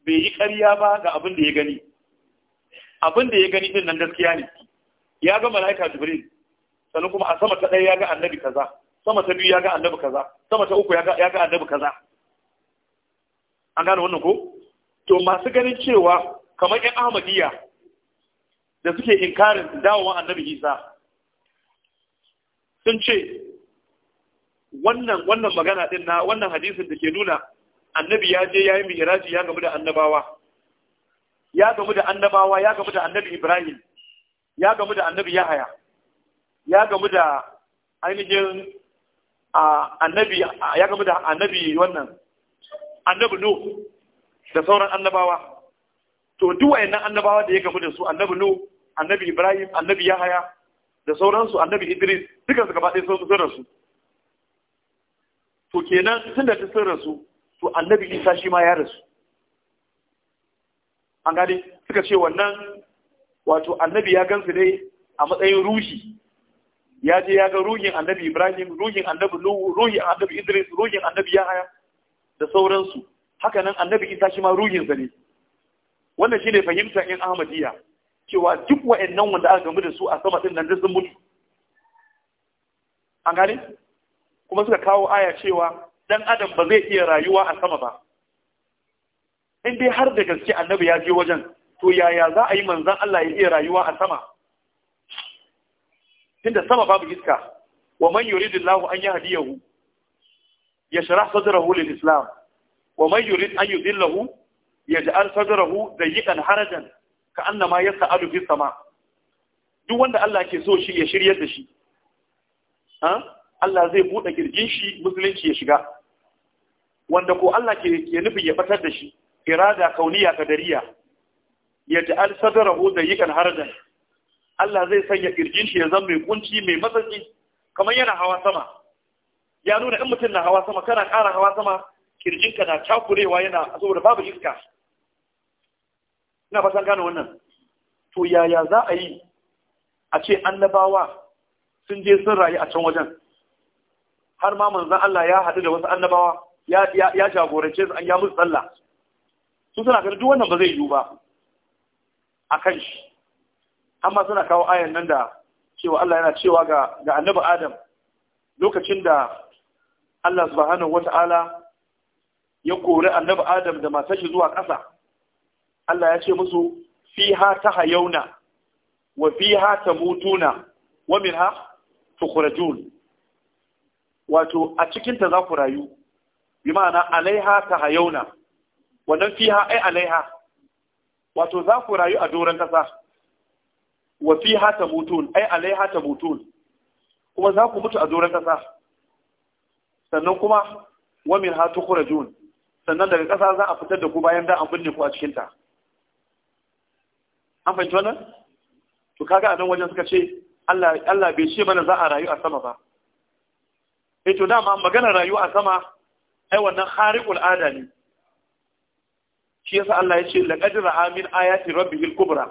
bai yi ƙarya ba ga abin da ya gani abin da ya gani din nan gaskiya ne ya ga mala'ika jibril sannan kuma a sama ta ɗaya ya ga annabi kaza sama ta biyu ya ga annabi kaza sama ta uku ya ga annabi kaza an gane wannan ko to masu ganin cewa kamar yan ahmadiyya da suke inkarin dawowa annabi isa sun ce wannan magana din na wannan hadisin da ke nuna annabi ya je ya yi mihiraji ya gamu da annabawa ya gamu da annabawa ya gamu da annabi Ibrahim ya gamu da annabi Yahaya ya gamu da ainihin annabi ya gamu da annabi wannan annabi Nuh da sauran annabawa to duk wayannan annabawa da ya gamu da su annabi Nuh annabi Ibrahim annabi Yahaya da sauransu annabi idris duka gaba ɗaya sun rasu to kenan tun da sun rasu to annabi isa shi ma ya rasu an gane suka ce wannan wato annabi ya gansu ne a matsayin ruhi ya je ya ga ruhin annabi ibrahim ruhin annabi nuhu ruhin annabi idris ruhin annabi yahaya da sauransu haka nan annabi isa shi ma ruhinsa ne wannan shine fahimtar in ahmadiyya cewa duk wa'annan wanda aka gamu da su a sama din nan sun mutu an gane kuma suka kawo aya cewa dan adam ba zai iya rayuwa a sama ba in dai har da gaske annabi ya je wajen to yaya za a yi manzan Allah ya iya rayuwa a sama tunda sama babu iska wa man Allah an yahdiyahu yashrah sadrahu lil islam wa man yurid an yudillahu yaj'al sadrahu dayyiqan harajan ka annama adu fis sama duk wanda Allah ke so shi ya shiryar da shi Allah zai buɗe girgin shi musulunci ya shiga wanda ko Allah ke nufi ya batar da shi irada kauniya kadariya ya ja'al da dayyikan harajan Allah zai sanya girgin shi ya zama mai kunci mai matsaki kamar yana hawa sama ya nuna in mutum na hawa sama kana ƙara hawa sama kirjinka na cakurewa yana saboda babu iska ina fatan gane wannan to yaya za a yi a ce annabawa sun je sun rayu a can wajen har ma manzan Allah ya haɗu da wasu annabawa ya jagorance su an ya musu sallah su suna ganin duk wannan ba zai yiwu ba a kan shi amma suna kawo ayan nan da cewa Allah yana cewa ga ga annabi Adam lokacin da Allah subhanahu wata'ala ya kori annabi Adam da matar shi zuwa ƙasa Allah ya ce musu fiha tahayauna wa fiha tamutuna wa minha tukhrajun wato a cikin ta za ku rayu bi ma'ana alaiha tahayauna wannan fiha ai alaiha wato za ku rayu a doron kasa wa fiha tamutun ai alaiha tamutun kuma za ku mutu a doron kasa sannan kuma wa minha tukhrajun sannan daga kasa za a fitar da ku bayan da an binne ku a cikin ta an fahimci wannan to kaga a nan wajen suka ce Allah bai ce mana za a rayu a sama ba eh to dama magana rayu a sama ai wannan khariqul ada ne shi yasa Allah ya ce laqad ra'a min ayati rabbihil kubra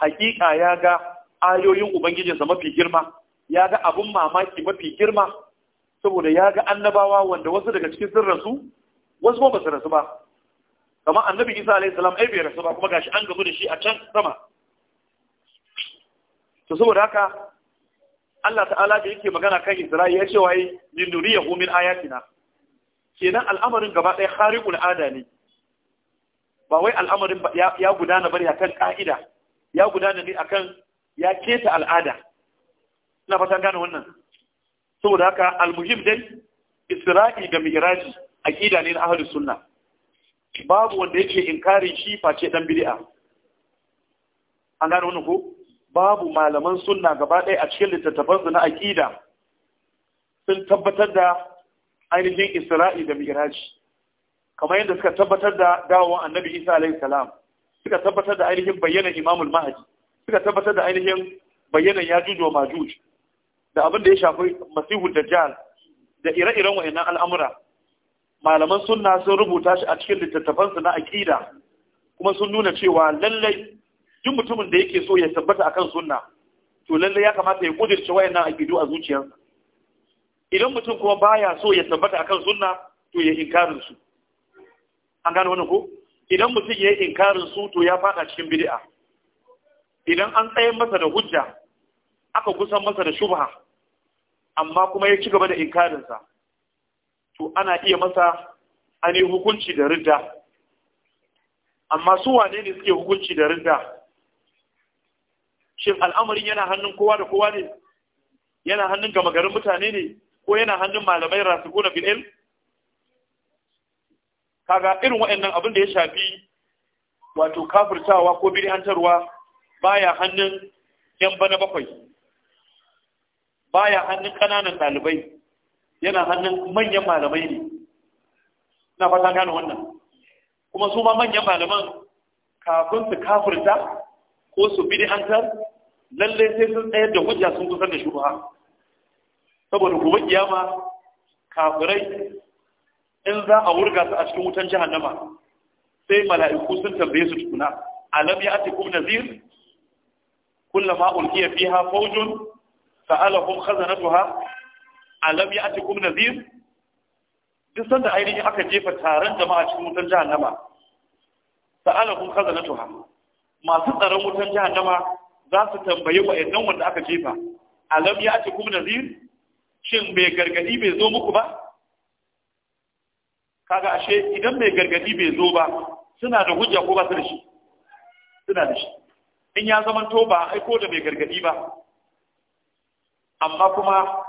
hakika ya ga ayoyin ubangijinsa mafi girma ya ga abun mamaki mafi girma saboda ya ga annabawa wanda wasu daga cikin sun rasu wasu ba su rasu ba kamar annabi isa alayhi salam ai bai rasu ba kuma gashi an gamu da shi a can sama to saboda haka Allah ta'ala da yake magana kan Isra'i ya ce wai min nuriyahu min ayatina kenan al'amarin gaba ɗaya khariqul ada ne ba wai al'amarin ya gudana bari akan ka'ida ya gudana ne akan ya keta al'ada ina fata gane wannan saboda haka almuhim dai Isra'i da Mi'raji aqida ne na ahlus sunna babu wanda yake inkarin shi face dan bid'a an gano wannan ko babu malaman sunna gaba ɗaya a cikin littattafansu na aqida sun tabbatar da ainihin isra'i da mi'raj kamar yadda suka tabbatar da dawowar annabi isa alaihi salam suka tabbatar da ainihin bayyana imamul Mahdi, suka tabbatar da ainihin bayyana yajuj wa majuj da abin da ya shafi masihu dajjal da ire-iren wa'annan al'amura malaman sunna sun rubuta shi a cikin littattafansu na aƙida kuma sun nuna cewa lallai duk mutumin da yake so ya tabbata akan sunna to lallai ya kamata ya kudirce wayannan aƙidu a zuciyarsa idan mutum kuma baya so ya tabbata akan sunna to ya inkarin su an gano wannan ko idan mutum ya yi inkarin su to ya fada cikin bid'a idan an tsaye masa da hujja aka kusan masa da shubha amma kuma ya ci gaba da inkarinsa to ana iya masa ane hukunci da ridda amma su wane ne suke hukunci da ridda shin al'amarin yana hannun kowa da kowa ne yana hannun gama garin mutane ne ko yana hannun malamai rasuku na bil'il kaga irin waɗannan abin da ya shafi wato kafirtawa ko bid'antarwa baya hannun yan bana bakwai baya hannun kananan ɗalibai yana hannun manyan malamai ne na fata gano wannan kuma su ma manyan malaman kafin su kafirta ko su bi hantar lalle sai sun tsayar da hujja sun kusan da shubha saboda gobe kiyama kafirai in za a wurga su a cikin wutan jahannama sai mala'iku sun tambaye su tukuna alam ya ati kuma nazir kullama ulqiya fiha fawjun fa'alahum khazanatuha alam ya ati kum nazir duk da ainihin aka jefa taron jama'a cikin wutar jahannama na tuha masu tsaron wutar jahannama za su tambayi wa 'yannan wanda aka jefa alam ya ati kum nazir shin bai gargadi bai zo muku ba kaga ashe idan bai gargadi bai zo ba suna da hujja ko ba su da shi suna da shi in ya zama to ba aiko da bai gargadi ba amma kuma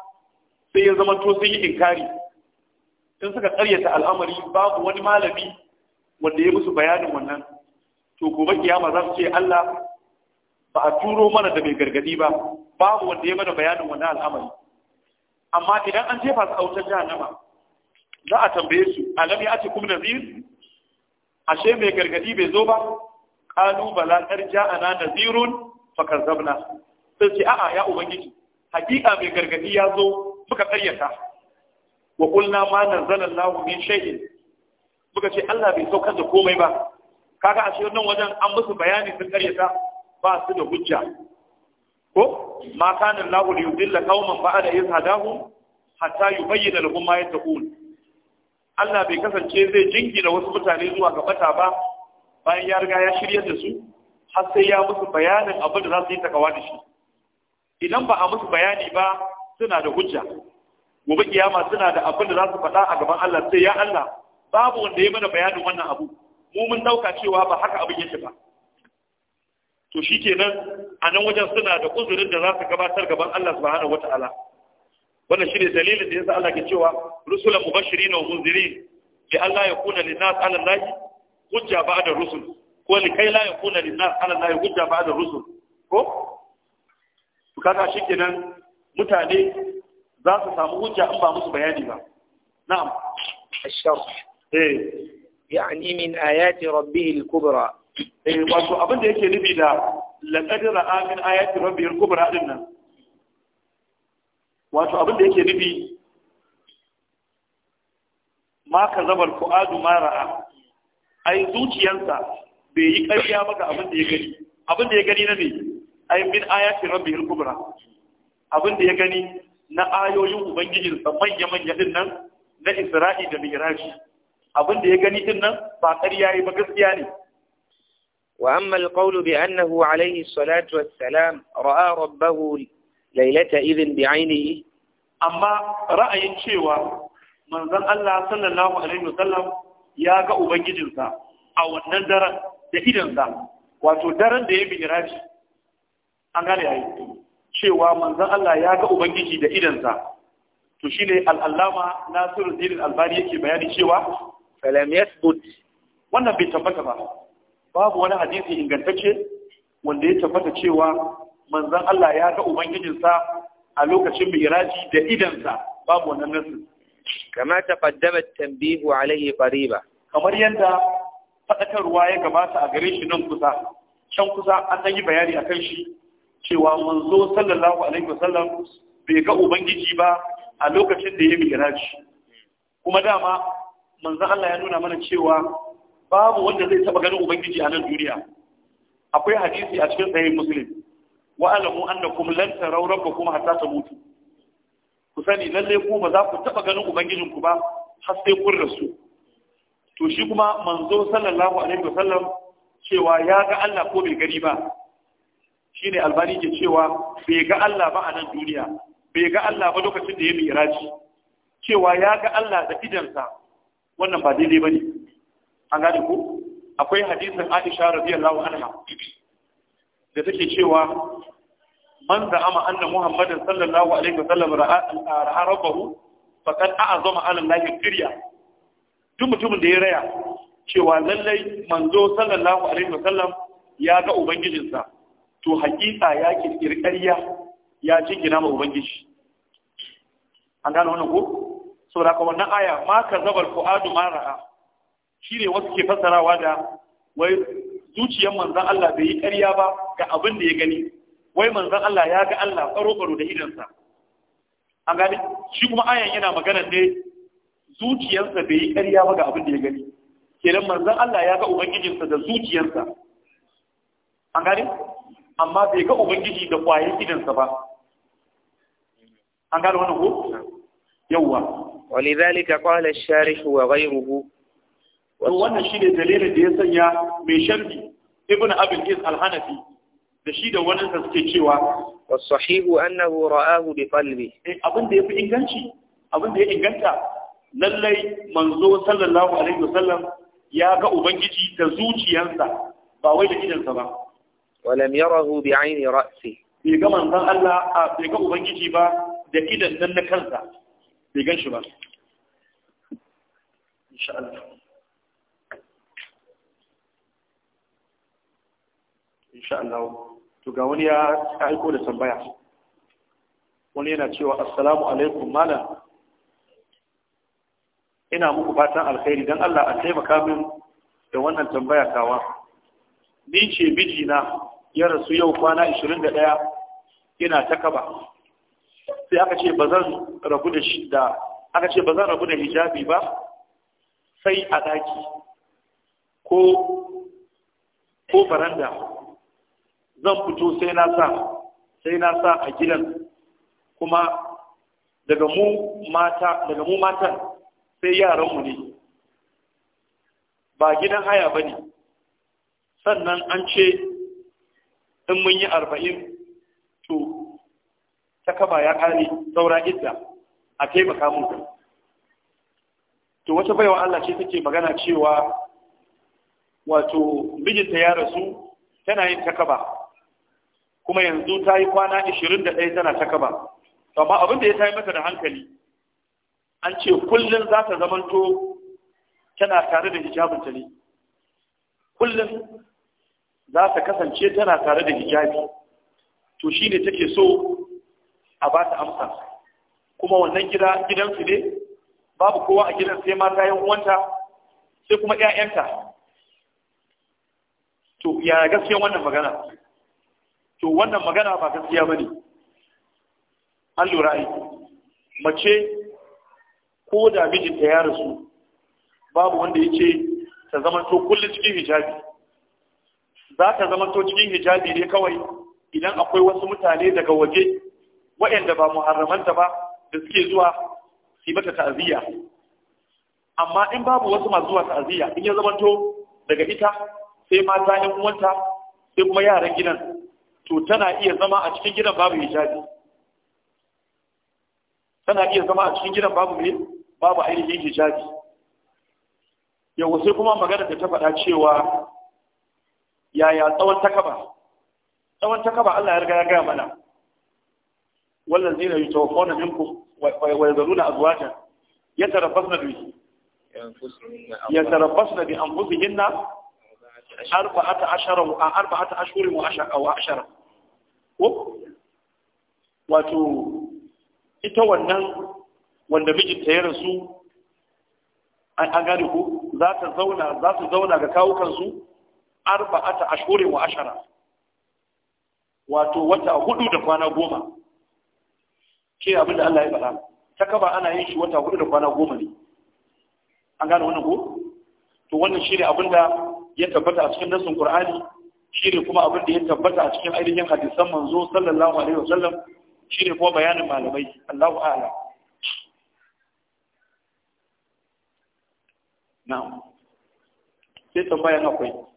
sai ya zama to sun yi inkari in suka karyata al'amari babu wani malami wanda ya musu bayanin wannan to gobe kiyama za su ce Allah ba a turo mana da mai gargadi ba babu wanda ya mana bayanin wannan al'amari amma idan an jefa su a wutar jahannama za a tambaye su alam ya ce kuma nazir ashe mai gargadi bai zo ba kalu bala kar Ana, nazirun Fakar, Zabna. sai ce a'a ya ubangiji hakika mai gargadi ya zo suka tsayyata wa qulna ma zanen Allahu min shay'in muka ce Allah bai saukar da komai ba kaga ashe wannan wajen an musu bayani sun ƙaryata? ba su da hujja ko ma kana Allahu yudilla qauman ba'da iz hadahum hatta yubayyana lahum ma yattaqun Allah bai kasance zai jingina wasu mutane zuwa ga bata ba bayan ya riga ya shiryar da su har sai ya musu bayanin abin da za su yi takawa da shi idan ba a musu bayani ba suna da hujja gobe kiyama suna da abin da za su faɗa a gaban Allah sai ya Allah babu wanda ya mana bayanin wannan abu mu mun dauka cewa ba haka abin yake ba to shikenan a nan wajen suna da uzurin da za su gabatar gaban Allah subhanahu wataala wannan shine dalilin da yasa Allah ke cewa rusulan mubashirin wa munzirin bi Allah ya kuna lin nas ala Allah hujja ba'da rusul ko likai la yakuna lin nas ala Allah hujja ba'da rusul ko kaga shi kenan mutane za su samu hujja in ba musu bayani ba na'am ashar eh yani min ayati rabbih al-kubra eh wato abin da yake da laqad ra'a min ayati rabbih al-kubra din nan wato abin da yake nubi ma ka zaba al-fuadu ma ra'a ai bai yi karya maka abin da ya gani abin ya gani na ne ay min ayati rabbihil kubra abin da ya gani na ayoyin ubangijin sa manya manya din nan na Isra'i da Mi'raji abin da ya gani din nan ba ƙarya ne ba gaskiya ne وأما القول بأنه عليه الصلاة والسلام رأى ربه ليلة إذن بعينه أما رأي شيوى من ذن الله صلى الله عليه ya ga ubangijinsa a wannan daren da idansa wato daren da ya bi iraji an gane yi cewa manzan Allah ya ga ubangiji da idansa to shine al’allama na Nasiruddin zirin albani yake bayani cewa salamiyas yathbut wannan bai tabbata ba babu wani hadisi ingantacce wanda ya tabbata cewa manzan Allah ya ga ubangijinsa a lokacin miraji da idansa babu wannan nasu kama taqaddama tanbihu alayhi ba. kamar yadda fadakarwa ya gabata a gare shi nan kusa can kusa an yi bayani a kan shi cewa manzo sallallahu alaihi wasallam bai ga ubangiji ba a lokacin da ya miraji kuma dama manzo Allah ya nuna mana cewa babu wanda zai taba ganin ubangiji a nan duniya akwai hadisi a cikin sahih muslim wa alamu annakum lan taraw rabbakum hatta tamutu ku sani lalle ku ba za ku taba ganin ubangijin ku ba har sai kun rasu to shi kuma manzo sallallahu alaihi wasallam cewa ya ga Allah ko bai gani ba shine albani ke cewa bai ga Allah ba a nan duniya bai ga Allah ba lokacin da ya miraji cewa ya ga Allah da idansa wannan ba daidai bane an gane ku akwai hadisin Aisha radiyallahu anha da take cewa man za'ama anna Muhammadan sallallahu alaihi wasallam ra'a rabbahu faqad a'zama 'ala Allah firya duk mutumin da ya raya cewa lallai manzo sallallahu alaihi wasallam ya ga ubangijinsa to hakika ya kirkiri ƙarya ya jingina ma ubangiji an gane wannan ko saboda ka wannan aya ma ka zabar adu ma ra'a shine wasu ke fassarawa da wai zuciyar manzon Allah bai yi ƙarya ba ga abin da ya gani wai manzon Allah ya ga Allah tsaro tsaro da idansa an gane shi kuma ayan yana magana ne zuciyarsa bai yi ƙarya ba ga abin da ya gani kenan manzon Allah ya ga ubangijinsa da zuciyarsa an gane amma bai ga ubangiji da kwaye idansa ba an gano wannan ko Wani yawwa ولذلك قال الشارح وغيره wannan shi ne dalilin da ya sanya mai sharhi ibn abin is alhanafi, da shi da wannan da suke cewa Wasu wasahihu annahu ra'ahu bi qalbi eh, abin da fi inganci abin da ya inganta lallai manzo sallallahu alaihi wasallam ya ga ubangiji da zuciyarsa ba wai da idansa ba ولم يره بعين رأسه bai ga manzon Allah a bai ga ubangiji ba da idan nan na kansa bai gan ba insha Allah insha Allah to ga wani ya aiko da tambaya wani yana cewa assalamu alaikum malam ina muku fatan alkhairi dan Allah a taimaka min da wannan tambaya kawa ni ce mijina ya rasu yau kwana 21 ina ta kaba sai aka ce ba zan rabu da shi da aka ce ba zan rabu da hijabi ba sai a daki ko ko faranda zan fito sai na sa sai na sa a gidan kuma daga mu mata daga mu matan sai yaranmu ne ba gidan haya bane sannan an ce in mun yi arba'in to ta kaba ya kare saura idda a taimaka mu to wata baiwa Allah ce take magana cewa wato mijinta ya rasu tana yin takaba kuma yanzu ta yi kwana 21 tana takaba amma abin da ya tayi mata da hankali an ce kullum za ta zamanto tana tare da hijabinta ne kullum za ta kasance tana tare da hijabi to shi ne take so a ba ta amsa kuma wannan gida gidansu ne babu kowa a gidan sai mata yan uwanta sai kuma 'ya'yanta to ya gaskiya wannan magana to wannan magana ba gaskiya ba ne an lura mace ko da mijinta ya rasu babu wanda ya ce ta zama to kullum cikin hijabi za ta zama to cikin hijabi ne kawai idan akwai wasu mutane daga waje waɗanda ba muharramanta ba da suke zuwa su mata ta'aziyya amma in babu wasu masu zuwa ta'aziyya in ya zama to daga ita sai mata yan uwanta sai kuma yaran gidan to tana iya zama a cikin gidan babu hijabi tana iya zama a cikin gidan babu ne babu ainihin hijabi yau sai kuma magana da ta faɗa cewa yaya tsawon takaba tsawon takaba Allah ya riga ya gaya mana Wannan zina yi tawafo na minku wa ya zaruna a zuwata ya tarabbas na bi ya tarabbas na bi an fusi hinna arba'ata ashara a arba'ata ashurin wa ashara ko wato ita wannan wanda mijinta ya rasu an gane ku za ta zauna za su zauna ga kawukansu arba'ata ashhurin wa ashara wato wata hudu da kwana goma ke abin da Allah ya faɗa ta kaba ana yin shi wata hudu da kwana goma ne an gane wannan ko to wannan shine abin da ya tabbata a cikin nasin Qur'ani shine kuma abin da ya tabbata a cikin ainihin hadisan manzo sallallahu alaihi wasallam shine kuma bayanin malamai Allahu a'ala na'am sai tambaya na akwai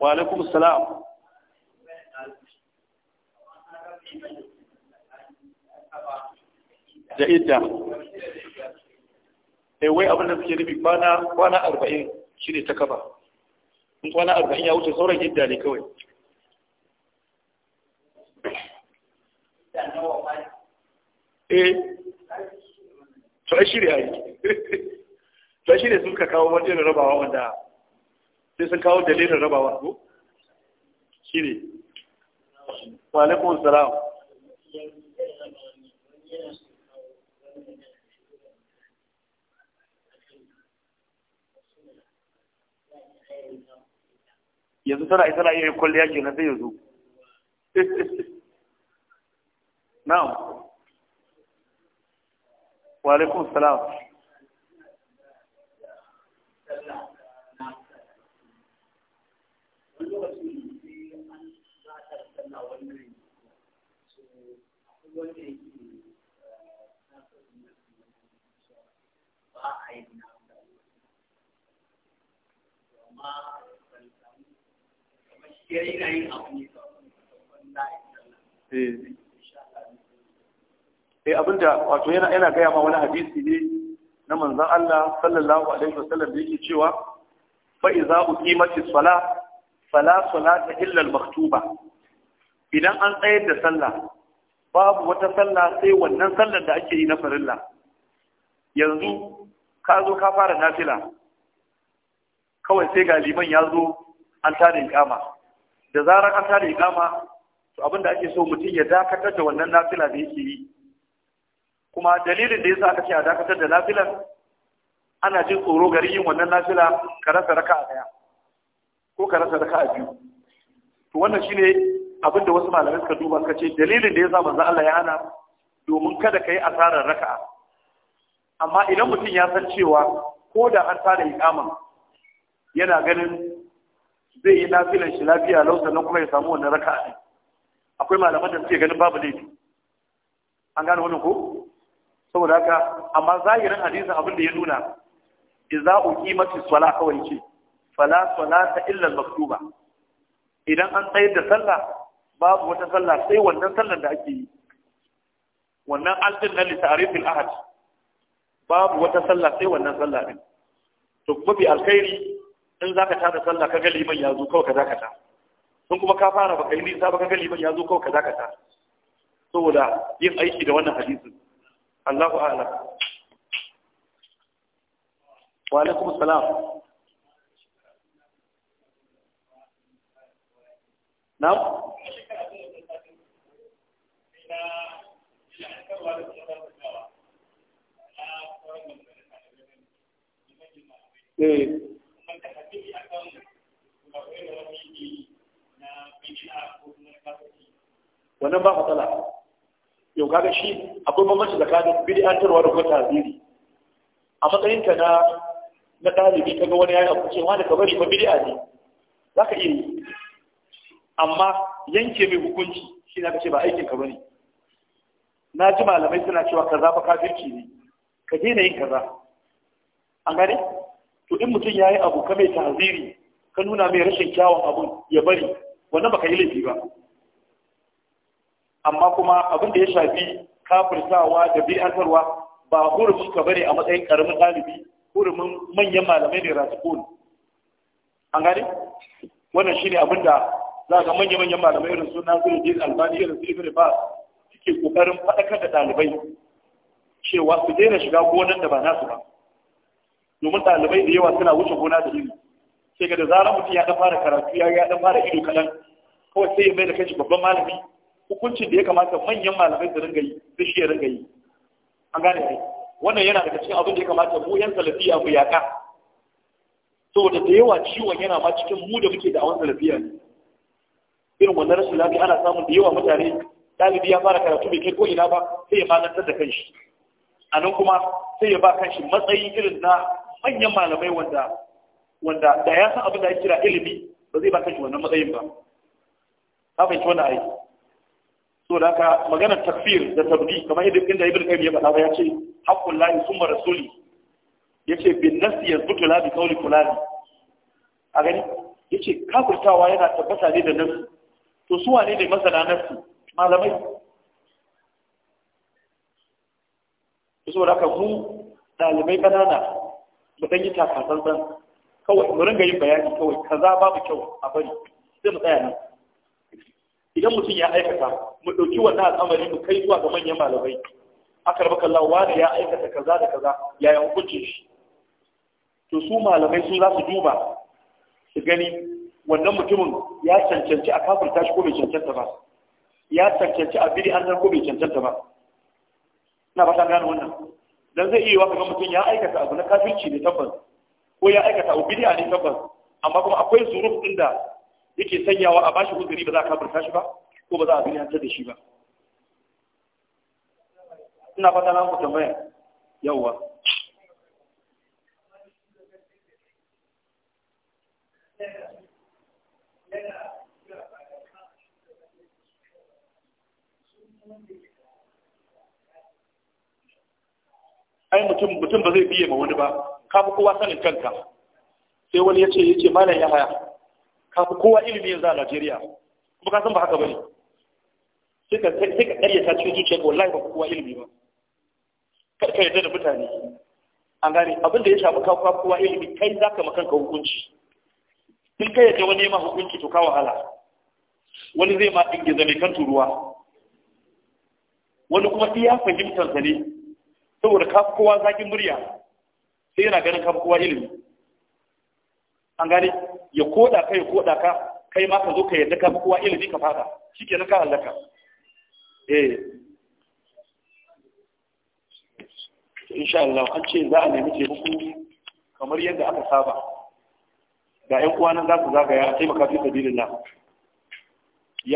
wa alaikum da idda eh wai abin da suke nufi kwana kwana 40 shine ta kafa in kwana 40 ya wuce sauran idda ne kawai eh to ai shirya yi to shirya sun ka kawo wani rabawa wanda sai sun kawo dalilin rabawa ko shi ne walekun salam yanzu tana isa na iya kwalliya ke na sai yanzu na'am walekun salam Eh, eh. eh abinda wato yana yana gaya ma wani hadisi ne na manzon Allah sallallahu alaihi wasallam da yake cewa fa iza uqimatis salah fala salata illa al-maktuba idan an tsayar da sallah babu wata sallah sai wannan sallar da ake yi na farilla yanzu ka zo ka fara nafila kawai sai ga ya zo an tare ikama da zarar an tare ikama to abin da ake so mutum ya dakatar da wannan nafila da yake yi kuma dalilin da yasa aka ce a dakatar da nafilan ana jin tsoro gari yin wannan nafila ka rasa raka'a daya ko ka rasa raka'a biyu to wannan shine abin da wasu malamai suka duba suka ce dalilin da ya sa manzo Allah ya hana domin kada ka yi asarar raka'a amma idan mutum ya san cewa ko da an tada iqama yana ganin zai yi nafilan shi lafiya lau sannan kuma ya samu wannan raka'a ne akwai malaman da suke ganin babu laifi an gane wannan ko saboda haka amma zahirin hadisin abin da ya nuna idza uqimatis sala kawai ce fala salata illa maktuba idan an tsayar da sallah babu wata sallah sai wannan sallar da ake yi wannan altin na al ahad babu wata sallah sai wannan sallah din to kuma mafi alkhairi in zaka da sallah kaga liman ya zo kawai ka dakata sun kuma ka fara baka yi nisa ba kaga liman ya zo kawai ka dakata saboda yin aiki da wannan hadisin Allahu a'lam wa alaikum salam na eh. wannan ba matsala yau kaga shi akwai mamaci tsakanin bid'antarwa da kuma taziri a matsayin na na ɗalibi ga wani yayi abu cewa da ka bari ma bid'a ne ka iya yi amma yanke mai hukunci shi na ce ba aikin ka bane na ji malamai suna cewa kaza fa kafirci ne ka daina yin kaza an gane to in mutum ya yi abu ka mai tahziri ka nuna mai rashin kyawun abun ya bari wannan baka yi laifi ba amma kuma abin da ya shafi kafirtawa da bi'antarwa ba hurumin ka bane a matsayin karamin ɗalibi hurumin manyan malamai ne rasikun an gane wannan shine abin da za ga manya-manyan malamai irin su Nasiruddin Albani irin su Ibn Baz suke kokarin faɗakar da ɗalibai cewa su daina shiga gonan da ba nasu ba domin ɗalibai da yawa suna wuce gona da ilimi sai ga da zarar mutum ya ɗan fara karatu ya ya ɗan fara ido kaɗan kawai sai ya mai da kanshi babban malami hukuncin da ya kamata manyan malamai su ringa yi su shi ya ringa yi an gane ne wannan yana daga cikin abin da ya kamata mu yan salafiya mu yaka saboda da yawa ciwon yana ma cikin mu da muke da awon salafiya ne irin wannan rashin lafiya ana samun da yawa mutane ɗalibi ya fara karatu bai kai ko ina ba sai ya malantar da kanshi a nan kuma sai ya ba kanshi matsayi irin na manyan malamai wanda wanda da ya san abin da ya kira ilimi ba zai ba kanshi wannan matsayin ba ka fahimci wannan aiki so da haka maganar takfir da tabdi kamar yadda inda ibn qayyim ya faɗa ba ya ce haqqul lahi summa rasuli yace bin nafsi yazbutu la bi qawli fulani a gani yace kafirtawa yana tabbata ne da nafsi to su wane ne masana su, malamai to saboda haka mu dalibai ƙanana ba ɗan yi takatsantsan kawai mu ringa yin bayani kawai kaza babu kyau a bari sai mu tsaya nan idan mutum ya aikata mu ɗauki wannan al'amari mu kai zuwa ga manyan malamai aka raba kallon wani ya aikata kaza da kaza yi hukuncin shi to su malamai sun za su duba su gani wannan mutumin ya cancanci a kafirta shi ko bai cancanta ba ya cancanci a biri an ko bai cancanta ba na ba ta gane wannan dan zai iya kaga mutum ya aikata abu na kafirci ne tabbas ko ya aikata abu bid'a ne tabbas amma kuma akwai zuruf din da yake sanyawa a bashi uzuri ba za a kafirta shi ba ko ba za a biri an da shi ba ina fata na ku tambaya yawwa ai mutum mutum ba zai biye ma wani ba ka fi kowa sanin kanka sai wani ya ce ya ce malam ya haya ka fi kowa ilimi yanzu a Najeriya kuma ka san ba haka bane sai ka sai ka cikin zuciyarka wallahi ba kowa ilimi ba kar ka yarda da mutane an gane abin da ya shafi ka kowa ilimi kai za ka makanka hukunci in ka yarda wani ma hukunci to ka wahala wani zai ma dingiza mai kan turuwa wani kuma iya fahimtarsa ne saboda kafa kowa zakin murya sai yana ganin kafa kowa ilimi an gane ya koda ka ya koda ka kai ma ka zo ka yadda kafa kowa ilimi ka fada shikenan ka hallaka eh insha Allah an ce za a nemi taimako kamar yadda aka saba ga 'yan uwa nan za su zagaya a taimaka fi sabilillah